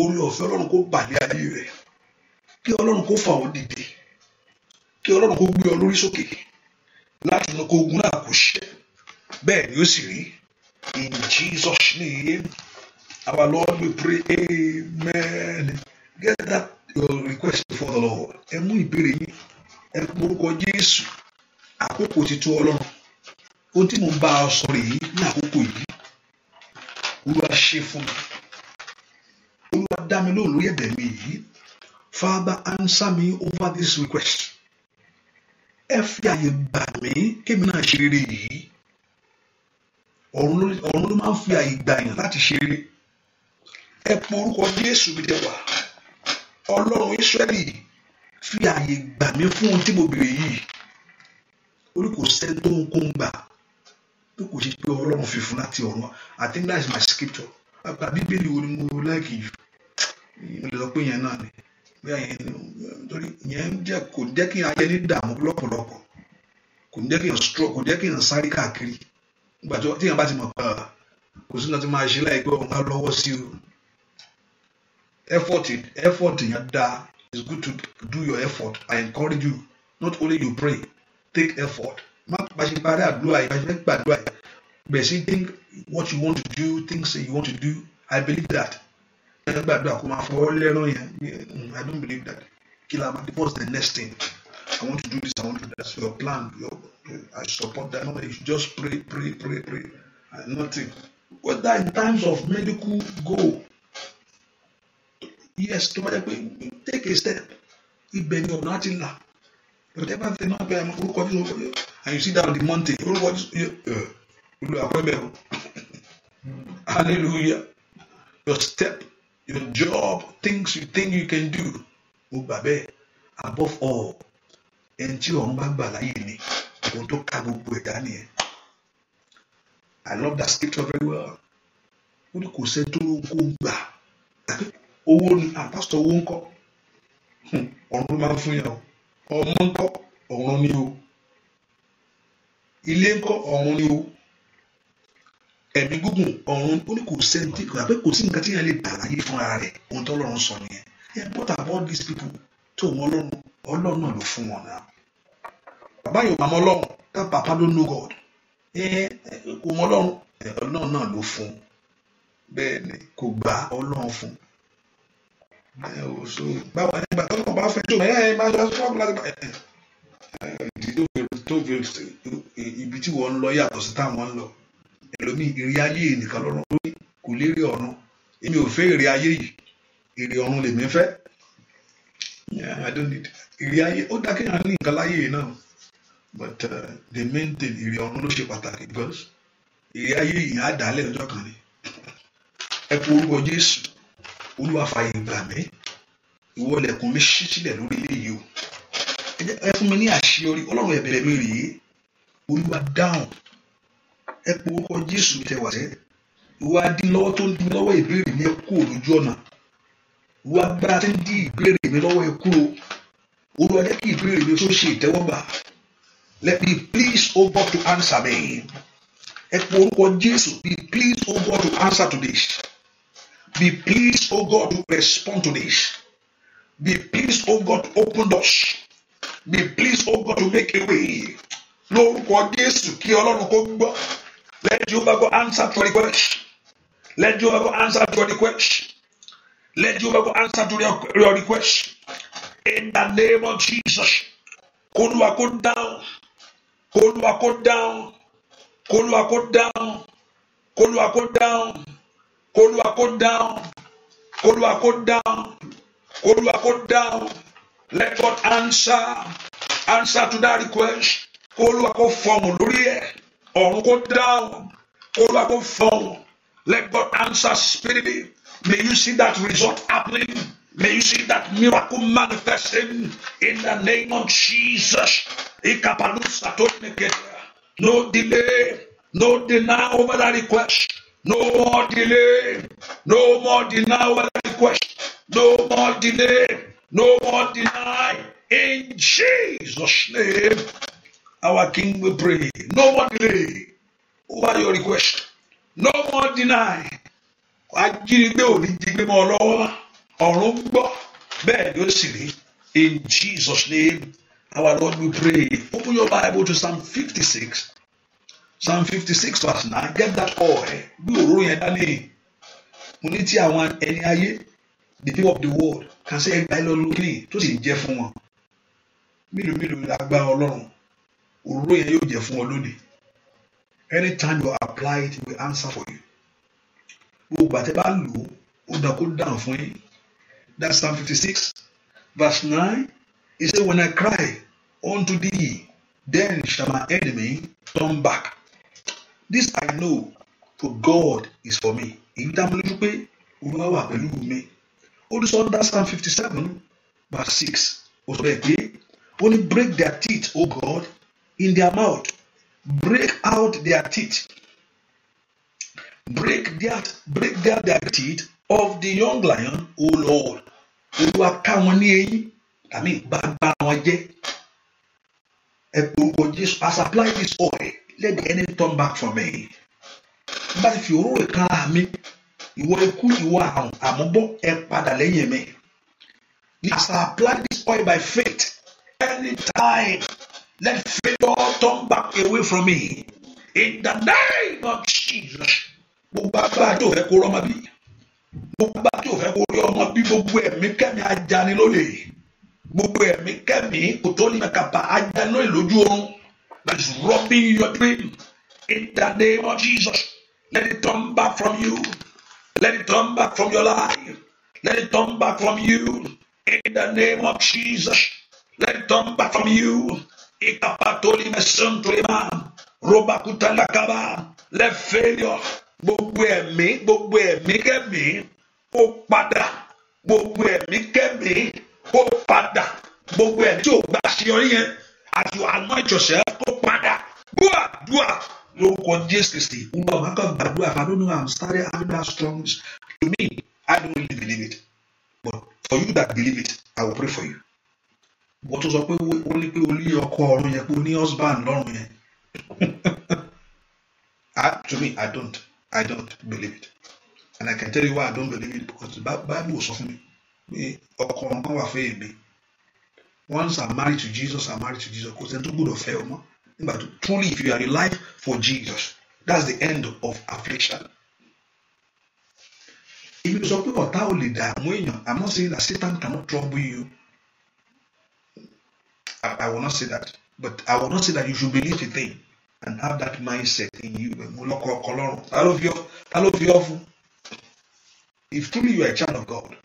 orí ọ̀fẹ́ Ọlọ́run kó bàlẹ́ ayé rẹ̀ kí Ọlọ́run kó fà ọ́ dìde kí Ọlọ́run kó gbé ọ lórí sókè láti inú kó ogun náà kò ṣe bẹ́ẹ̀ ni ó sì rí in Jesus name our Lord we pray amen get that your request before the Lord ẹ mú ìbéèrè yín ẹ pe orúkọ Jésù àkókò ti tó ọlọ́run ohun tí mò ń bá ọ sọ rèé ní àkókò yìí olúwa ṣe fún mi olúwa dá mi lóhùn lórí ẹ̀bẹ̀ mi yìí father answer me over this request ẹ fi àyè gbà mí kémi náà ṣe rere yìí ọ̀run ló máa ń fi àyè gbà yàn láti ṣe rere ẹ po orúkọ Jésù mi jẹ wá ọlọ́run Ísírẹ́lì fi àyè gbà mí fún ohun tí mo béèrè yìí orí kò sẹ́ni tó ń kó ń gbà bí kò ṣe pé ọlọ́run fi fún láti ọ̀run I think that is my scripture àgbà bíbélì wo ni mo like jù mo lè sọ pé yẹn náà ni bóyá yẹn torí yẹn jẹ́ kò jẹ́ kí ayé ní dààmú lọ́pọ̀lọpọ̀ kò jẹ́ kí yẹn strọ kò jẹ́ kí yẹn sáré káàkiri nígbà tí yẹn bá ti mọ̀ pé ah, kò sí náà ti máa ṣe láìpẹ́ ọ̀hún á lọ́wọ́ sí o effort effort yẹn dáa it's good to do your effort I encourage you not only you pray take effort má bá ṣe parí àdúrà yìí bá ṣe gbàdúrà think what you want to do things you want to do I believe that hmm, I don't believe that kí what's the next thing I want to do this I want to do that so your plan your, I support that no you should just pray pray pray pray and nothing whether in times of medical go, yes tó bá jẹ́ take a step ibẹ̀ ni ọ̀nà àti whatever thing náà bẹ́ẹ̀ orúkọ jésù ó fẹ́ and you sit down the mountain orúkọ jésù olú àpẹ́bẹ̀ o hallelujah your step your job things you think you can do ó gbà bẹ́ẹ̀ above all ẹni tí ọ̀run bá gbà láyè ni ohun tó ká gbogbo ẹ̀dá nìyẹn I love that scripture very well ó ní kò sẹ́ni tó lóko gbà owó ni àpásítọ̀ ah, owó ń kọ́ hmm, ló máa ń fún yàn o ọmọ ńkọ́ ọ̀run ni o ilé ńkọ́ ọ̀run ni o ẹ̀mí gígùn ọ̀run ó ní kò sẹ́ni àbẹ́ kò sí nǹkan tí yẹn lè bàlàyé fún ara rẹ̀ ohun tó lọ́run sọ nìyẹn yẹn what about all these people tó wọn ọlọ́run ọlọ́run náà ló fún wọn náà bàbá yóò máa mọ ọlọ́run tá bàbá ló know God kò mọ ọlọ́run ọlọ́run náà ló fún bẹ́ẹ̀ ni kò gbà ọlọ́run fún báwa nígbà tó náà bá fẹ́ tó ẹ̀ ẹ̀ máa lọ fọ́ọ̀mù láti ìdí tó fi ibi tí wọ́n ń lọ yàtọ̀ sí táwọn ń lọ ẹlòmíì ìrì ayé nìkan lọ́rùn lórí kò lè rí èmi ò fẹ́ ìrì ayé yìí ìrì ọ̀run lèmi fẹ́ ìrì ayé ó dá kéèyàn ní nǹkan láyé yìí náà but uh, the main thing ìrì ọ̀run ló ṣe pàtàkì because ìrì ayé yìí á dàálẹ̀ ọjọ́ kan ni ẹ kú orúkọ Jésù olúwa fàyè gbà mí ìwọ lẹ̀kùn mi ṣí sílẹ̀ lórí eléyìí o ẹ fún mi ní àṣeyọrí ọlọ́run ẹ̀bẹ̀rẹ̀ mi rèé olúwa dáhùn ẹ pé orúkọ jésù mi tẹwà sẹ́ ìwọ adínlọ́wọ́ tó ń dín lọ́wọ́ ìbéèrè mi ẹ kú òlójú ọ̀nà ìwọ agbára tó ń dín ìbéèrè mi lọ́wọ́ ẹ kú o olúwa jẹ́ kí ìbéèrè mi tó ṣe ìtẹ́wọ́gbà let me please o God to answer me ẹ pé orúkọ jésù be please o God to answer to this. Be pleased, O God, to respond to this. Be pleased, O God, to open doors. Be pleased, O God, to make a way. Lórúkọ Jésù kí Ọlọ́run kó gbọ́. Let Jehovah go answer to request. Let Jehovah go answer to request. Let Jehovah go answer to your request. In the name of Jesus. Kólúwa kó dáhùn. Kólúwa kó down, Kólúwa kó dáhùn. Kólúwa kó dáhùn kólúwa kó down. kólúwa kó down. kólúwa kó down. let God answer answer to that request kólúwa kó fọhùn lórí ẹ̀ ọ̀run kó dáhùn kólúwa kó fọhùn let God answer Spirit. may you see that result happening. May you see that miracle manifesting in the name of Jesus. No delay, no denial over that request. No more delay. No more denial question. No more delay. No more deny. In Jesus' name, our King we pray. No more delay over your request. No more deny. Ajínigbé ò ní jígbé mọ́ ọ lọ́wọ́. Ọ̀run gbọ́. Bẹ́ẹ̀ ni ó sì rí. In Jesus' name, our Lord we pray. Open your Bible to Psalm fifty-six psalm fifty six verse nine get that oil bí òróró yẹn dání mo ní tí àwọn ẹni ayé the people of the world kàn sí ẹgbàá lọ lókè tó sì ń jẹ fún wọn mélòó mélòó agbára ọlọ́run òróró yẹn yóò jẹ fún ọ lónìí anytime you apply it will answer for you gbogbo àti bá lò ó dà kó dàn fún yín that's psalm fifty six verse nine he say when I cry unto thee then shall my enemy turn back this I know for God is for me èyí dá mi lójú pé olúwa wà pẹ̀lú mi ó ní sọ́ńdà psalm fifty seven verse six ó sọ bẹ́ẹ̀ pé ó ní break their teeth o God in their mouth break out their teeth break their break their their teeth of the young lion o Lord olúwa ká wọn ní eyín tàbí gbàgbà wọn jẹ ẹ pé Jésù as apply this oil let the enemy turn back from me bá ti fi òróró ìkanra mi ìwọ ikú ìwọ àrùn àmúbọ̀ ẹ padà lẹ́yìn mi as I apply this oil by faith anytime let favour turn back away from me in the name of Jesus gbogbo agbára tí o fẹ́ kó rọ́mọ bí gbogbo agbára tí o fẹ́ kó rí ọmọ bí gbogbo ẹ̀mí kẹ́mi ajani lólè gbogbo ẹ̀mí kẹ́mi kò tó ní mẹ́kàpá ajani lólè lójú oorun that is robbing your dream. In the name of Jesus, let it turn back from you. Let it turn back from your life. Let it turn back from you. In the name of Jesus, let it turn back from you. Let failure. Gbogbo ẹ̀mí kẹ́mi ó padà gbogbo ẹ̀mí tí ò gbà ṣe ọyẹn as you anoint yourself tó padà dúà dúà lórúkọ Jésù Kristi olúwa máa kàn gbàdúrà if I don't know I'm starting having that strong to me I don't really believe it but for you that believe it I will pray for you wọ́n tó sọ pé ó ní pé olú ọkọ ọ̀run yẹn pé ó ní husband lọ́run yẹn to me I don't I don't believe it and I can tell you why I don't believe it because the Bible sọ fún mi pé ọkọ ọ̀run kan wà fún èmi once i'm married to jesus i'm married to jesus because sẹ́ni too good of ọmọ nígbà tó truly if you are alive for jesus that's the end of affliction. èmi sọ pé ọ̀tá ò lè dààmú èèyàn i'm not saying that satan cannot trouble you I, i will not say that but i will not say that you should believe the thing and have that mindset in you mo lọkọ ọkọ lọ́rùn ta ló fi ọ ta fi ọ if truly you are a child of god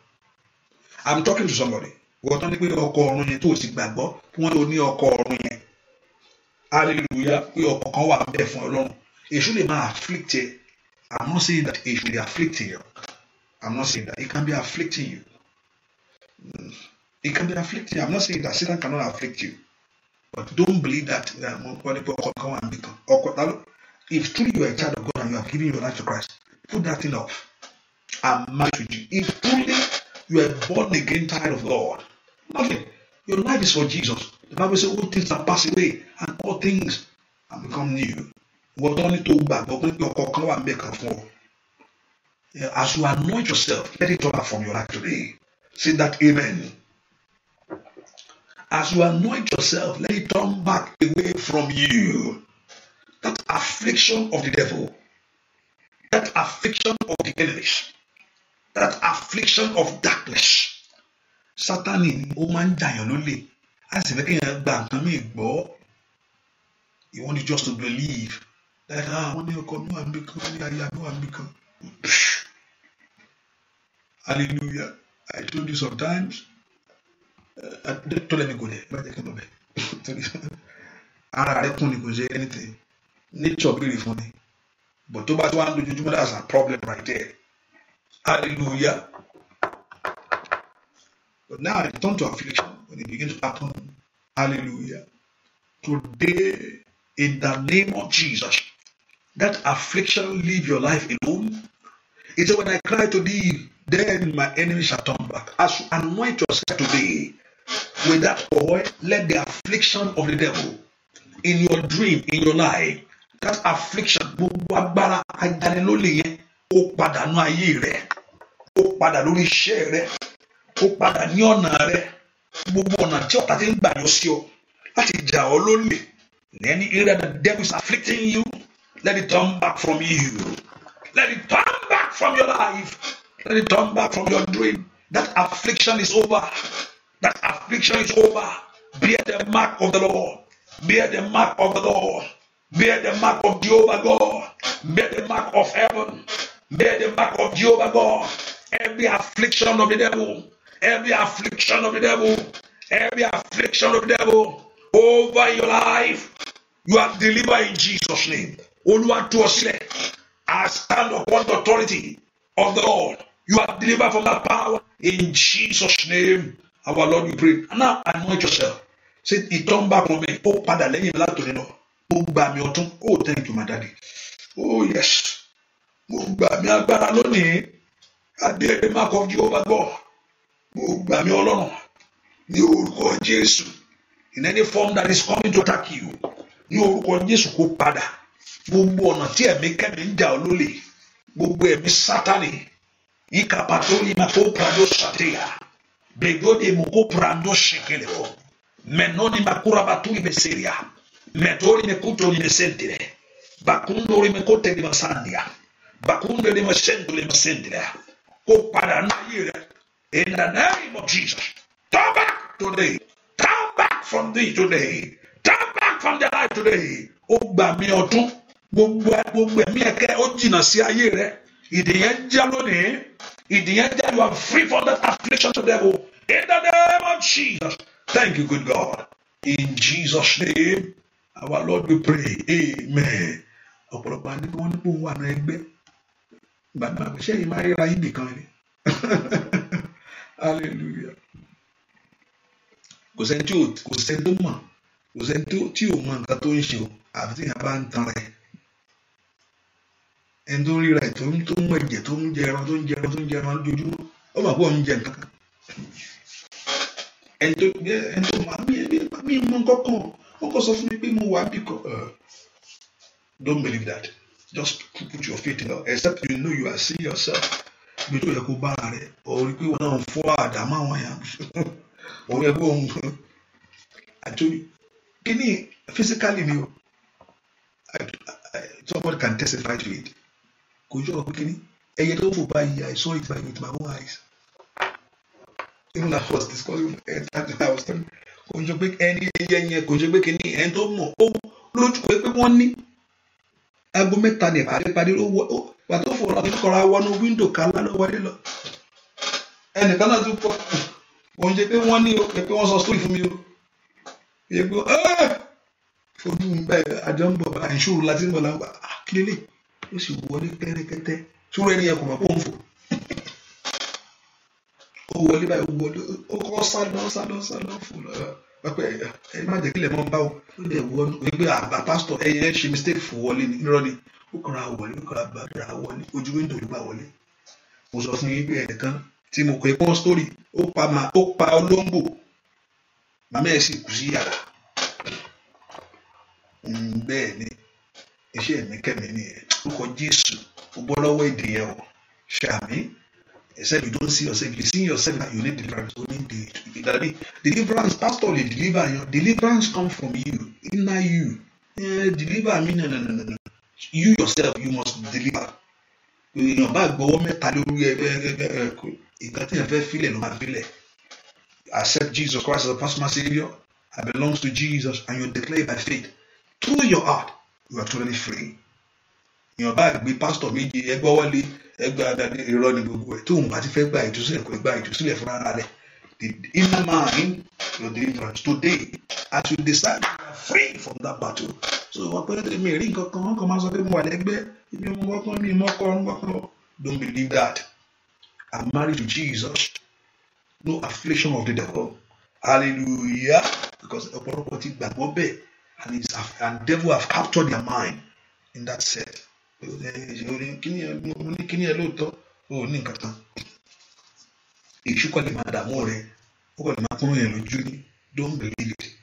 i'm talking to somebody wọ́n tán ní pé ọkọ̀ ọ̀run yẹn tó sì gbàgbọ́ kí wọ́n tó ní ọkọ̀ ọ̀run yẹn aleluya pé ọkọ̀ kan wà bẹ́ẹ̀ fún ọlọ́run èṣù lè máa afflict ẹ i'm not saying that èṣù dey afflict you i'm not saying that it can be afflicting you it hmm. can be afflicting you i'm not saying that Satan cannot afflict you but don't believe that wọ́n ní pé ọkọ̀ kan wà níbi kan ọkọ̀ ta ló if truly you are a child of God and you have given your life to Christ put that thing off i'm married to you if truly you are born again child of God Nothing. Your life is for Jesus. The Bible says all things are passed away and all things have become new. What only ní back? gbàgbọ́ pé kí ọkọ̀ kan wà ń bẹ̀ As you anoint yourself, let it turn from your life today. Say that amen. As you anoint yourself, let it turn back away from you. That affliction of the devil, that affliction of the enemies, that affliction of darkness, sátani ó máa ń jàyàn lólè a sì fẹ́ kéèyàn gba nǹkan míì gbọ́ you want just to believe that ah wọ́n ní ọkọ mi wà níbi kan wọ́n ní aya mi wà kan hallelujah I told you sometimes tọ́lẹ̀ eh, mi kò dẹ̀ bá jẹ́ kí n lọ bẹ̀ ara rẹ̀ kún ni kò ṣe anything nature béèrè fún ni but tó bá tó wà ń dojúmọ́ that's a problem right there hallelujah. But now it turned to affliction when it begins to happen. Hallelujah. Today, in the name of Jesus, that affliction leave your life alone. He said, When I cry to thee, then my enemies shall turn back. As you anoint yourself today with that oil, let the affliction of the devil in your dream, in your life, that affliction, gbogbo agbára ajanilólè yẹn, ó padà nú ayé kó padà ní ọ̀nà rẹ gbogbo ọ̀nà tí ọ̀tá ti ń gbà yọ sí ọ láti jà ọ́ lólè in any the devil is afflicting you let it turn back from you let it turn back from your life let it turn back from your dream that affliction is over that affliction is over bear the mark of the Lord bear the mark of the Lord bear the mark of Jehovah God bear the mark of heaven bear the mark of Jehovah God every affliction of the devil every affliction of the devil, every affliction of the devil over your life, you are delivered in Jesus' name. Olúwa tú ọ sílẹ̀. I stand upon the authority of the Lord. You are delivered from that power in Jesus' name. Our Lord, we pray. And now anoint yourself. Say, ìtàn bá kan mi, ó padà lẹ́yìn mi látòrí náà. Mo gbà Oh, thank you, my daddy. Oh, yes. Mo gbà mí agbára lónìí. I dare the mark of Jehovah God mo gbà ọlọ́run ní orúkọ jésù in any form that is coming to attack you ní orúkọ jésù kó padà gbogbo ọ̀nà tí ẹ̀mí kẹ́mi ń jà ọ́ lólè gbogbo ẹ̀mí sátani yíká pàtó yìí máa kó prado ṣàtẹ̀yà bègbóde mo kó prado ṣèkèlè ọ mẹnọ́ni máa kó rabatú ibẹ̀ sẹ́ríà mẹtọ́ni mi kó tóni mi sẹ́ntìrẹ̀ bakundori mi kó tẹ̀lé ma sàndìyà bakundori mi sẹ́ntìrẹ̀ mi sẹ́ntìrẹ̀ kó padà náà yé rẹ̀. In the name of Jesus, turn back today. Turn back from thee today. Turn back from the life today. Ó gbà mí ọdún. Gbogbo gbogbo ẹ̀mí ẹ̀kẹ́ ó jìnnà sí ayé rẹ̀. Ìdìyẹn já lónìí. Ìdìyẹn já you are free from that affliction to devil. In the name of Jesus. Thank you, good God. In Jesus' name, our Lord we pray. Amen. Ọ̀pọ̀lọpọ̀ àdínkù wọn ní kò wà ní ẹgbẹ́. Bàbá mi ṣẹ́yìn máa ríra yín nìkan ni. hallelujah kò sẹ́ni tí ò kò sẹ́ni tó mọ̀ kò sẹ́ni tí ò mọ nǹkan tó ń ṣe o àfi tí yẹn bá ń tan rẹ̀ ẹni tó ń ríra ẹ̀ tó ń tó ń mú ẹ̀jẹ̀ tó ń jẹ ẹran tó ń jẹ ẹran tó ń jẹ ẹran lójoojúmọ́ ó mà pọ̀ ń jẹ nǹkan kan ẹni tó gbé ẹni tó máa mi ẹbí máa mi mọ nǹkan kan ó kàn sọ fún mi pé mo wà bí kan uh, don't believe that just put your faith in God except you know you are seeing yourself ibi tó yẹ kó bára rẹ̀ orí pé wọn náà ń fọ́ àdámọ́ àwọn yẹn òun yẹ òun àtúrí kí ni physically ni o somebody can testify to it kò jọ pé kí ni ẹyẹ tó fò báyìí I saw it by with my own eyes even as I was discussing that I was telling kò jọ pé ẹni ẹyẹ yẹn kò jọ pé kí ni tó mọ̀ ó lójú pé wọ́n ní aago mẹ́ta ní ìpàdé ìpàdé ó wọ́ ó wà tó fò ọ̀nà tó kọra wọnú wíńdò kálá ló wọlé lọ ẹnìkan náà tún kọ òun jẹ pé wọ́n ní o pé wọ́n sọ sórí fún mi o èyí pé ẹ fojú mi báyìí àjọ ń bọ̀ báyìí ṣòro láti ń bọ̀ láǹgbà ah, kílélẹ̀ ó sì wọlé kẹ́rẹ́kẹ́tẹ́ ṣòro ẹni yẹn kò mọ̀ pé òun fò ó wọlé báyìí ó wọlé ó kọ́ sálọ sálọ sálọ fò lọ pẹpẹ ẹ má jẹ́ kílẹ̀ mọ́ bá o ó dẹ̀ wọnú pé àbá ẹ ṣe mistake fò wọlé ní ni ó kọra wọlé ó kọra bàbá wọlé ojú wíńdò ló gbà wọlé mo sọ fún yín pé ẹ̀ẹ̀kan tí mo pè pọ́n sítórì ó pa ma ó pa olóńgbò màmá ẹ̀ sì kú sí yàrá mm, bẹ́ẹ̀ ni iṣẹ́ mi kẹ́mi nìyẹn orúkọ Jésù ó bọ́ lọ́wọ́ èdè yẹn o ṣàmì except you don't see yourself you see yourself that you need deliverance only the that mean deliverance pastor dey deliver your deliverance come from you inna you eh, deliver me no no no no you yourself you must deliver èèyàn bá gbowó mẹ́ta lórí nǹkan tí èèyàn fẹ́ filẹ̀ ló máa filẹ̀ accept Jesus Christ as a personal saviour I belongs to Jesus and you declare by faith through your heart you are truly free èèyàn bá gbé pásítọ̀ méje ẹgbẹ́ wọlé ẹgbẹ́ adarí irọ́ ni gbogbo ẹ̀ tó òun bá ti fẹ́ gba ìtúsílẹ̀ kò gba ìtúsílẹ̀ fúnra rẹ̀ the inner mind your deliverance today as you decide are free from that battle so wọ́n pé mi rí nǹkan kan wọ́n kàn máa sọ pé mo wà lẹ́gbẹ́ ibi mo wọ́pọ̀ mi mọ́ kọ́ ọ́n wọ́pọ̀ don't believe that I'm married to Jesus no affliction of the devil hallelujah because ọ̀pọ̀lọpọ̀ ti gbàgbọ́ bẹ́ẹ̀ and his and devil have captured their mind in that set mo ní kíní ẹ lóòótọ́ o ní nǹkan kan èṣù kọ́ lè máa dààmú rẹ ó kọ́ lè máa kúrò yẹn lójú ní don't believe it.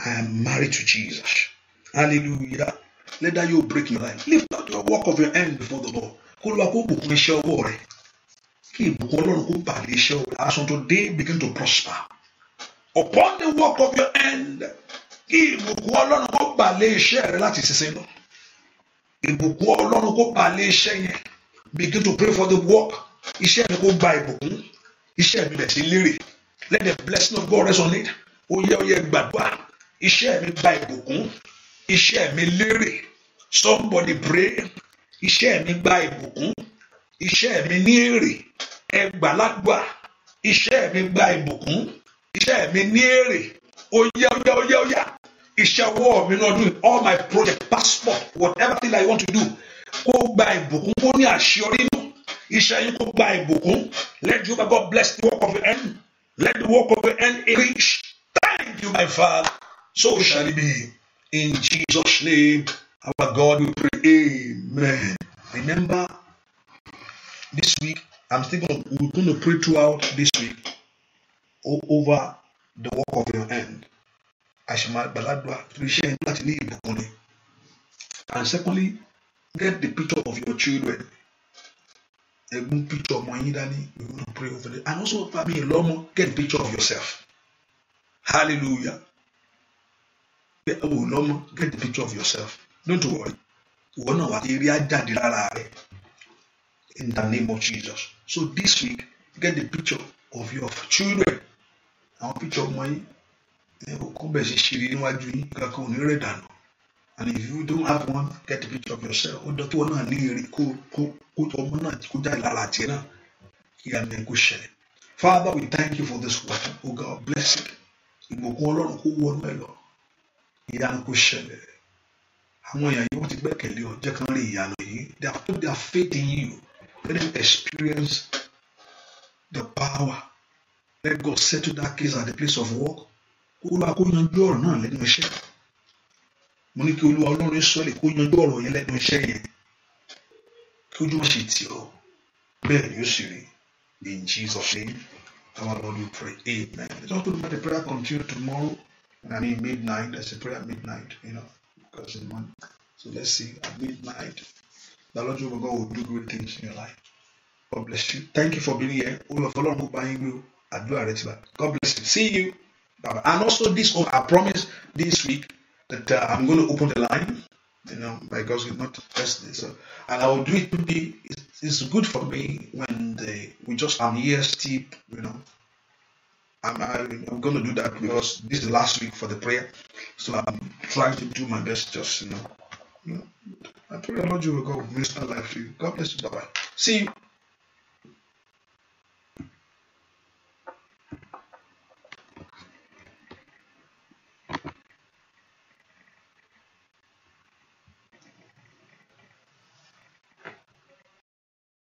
I am married to Jesus. Hallelujah. Let that you break in your life. Lift up your work of your hand before the Lord. Kó lọ́wọ́ kó bùkún iṣẹ́ ọwọ́ rẹ̀. Kí ìbùkún Ọlọ́run kó bàlẹ̀ iṣẹ́ ọwọ́ rẹ̀. As on today begin to prosper. Upon the work of your hand. Kí ìbùkún Ọlọ́run kó bàlẹ̀ iṣẹ́ rẹ̀ láti ṣiṣẹ́ lọ. Ìbùkún Ọlọ́run kó bàlẹ̀ iṣẹ́ yẹn. Begin to pray for the work. Iṣẹ́ mi kó gba ìbùkún. Iṣẹ́ mi bẹ̀ sí lérè. Let the blessing of God rest on it. Ó yẹ ó yẹ gbàdúrà iṣẹ́ mi gba ìbùkún iṣẹ́ mi lérè somebody pray iṣẹ́ mi gba ìbùkún iṣẹ́ mi ní èrè ẹgbàá lágbà iṣẹ́ mi gba ìbùkún iṣẹ́ mi ní èrè óyá óyá óyá óyá iṣẹ́ ọwọ́ mi náà doing all my project passport whatever thing I want to do kó gba ìbùkún kó ní àṣeyọrí nù iṣẹ́ yín kó gba ìbùkún let you my God bless the work of your hand let the work of your hand reach thank you my father so shall it be. In Jesus' name, our God, we pray. Amen. Remember, this week, I'm still going to, we're going to pray throughout this week over the work of your hand. And secondly, get the picture of your children. A good picture of my Mwanyidani, we're going to pray over it. And also, family, Lomo, get a picture of yourself. Hallelujah. will lọ́mọ get the picture of yourself don't worry ìwọ náà in the name of Jesus so this week get the picture of your children àwọn picture ọmọ yín and if you don't have one get the picture of yourself Or dọ́tí one náà ní eré kó kó kó ọmọ náà kó jáde lára tiẹ̀ náà kí Father we thank you for this word oh God bless it ìbùkún Ọlọ́run kó wọnú ẹ lọ. ìyanu kò ṣẹlẹ̀ àwọn èèyàn yóò ti gbẹ́kẹ̀lé ọ jẹ́ kán rí ìyanu yìí they have put their faith in you let them experience the power let God settle that case at the place of work olúwa kó yanjú ọ̀rọ̀ náà lẹ́nu iṣẹ́ mo ní kí olúwa ọlọ́run Ísírẹ́lì kó yanjú ọ̀rọ̀ yẹn lẹ́nu iṣẹ́ yẹn kí ojú wọn sì tì ọ́ bẹ́ẹ̀ ni ó sì rí in Jesus name our Lord we pray amen. let's talk about the prayer continue tomorrow. I mean midnight. I say pray at midnight, you know, because in one. So let's see at midnight. The Lord Jehovah God will do great things in your life. God bless you. Thank you for being here. All of Ọlọ́run kó bá yín I do rẹ God bless you. See you. Bye-bye. And also this, oh, I promise this week that uh, I'm going to open the line. You know, by God's will, not first day. So, and I will do it. It's, it's good for me when we just I'm here still. You know, I'm, I, am going to do that because this is last week for the prayer. So I'm trying to do my best just, you know. You know I pray the Lord you will go minister life to you. God bless you. Bye bye. See you.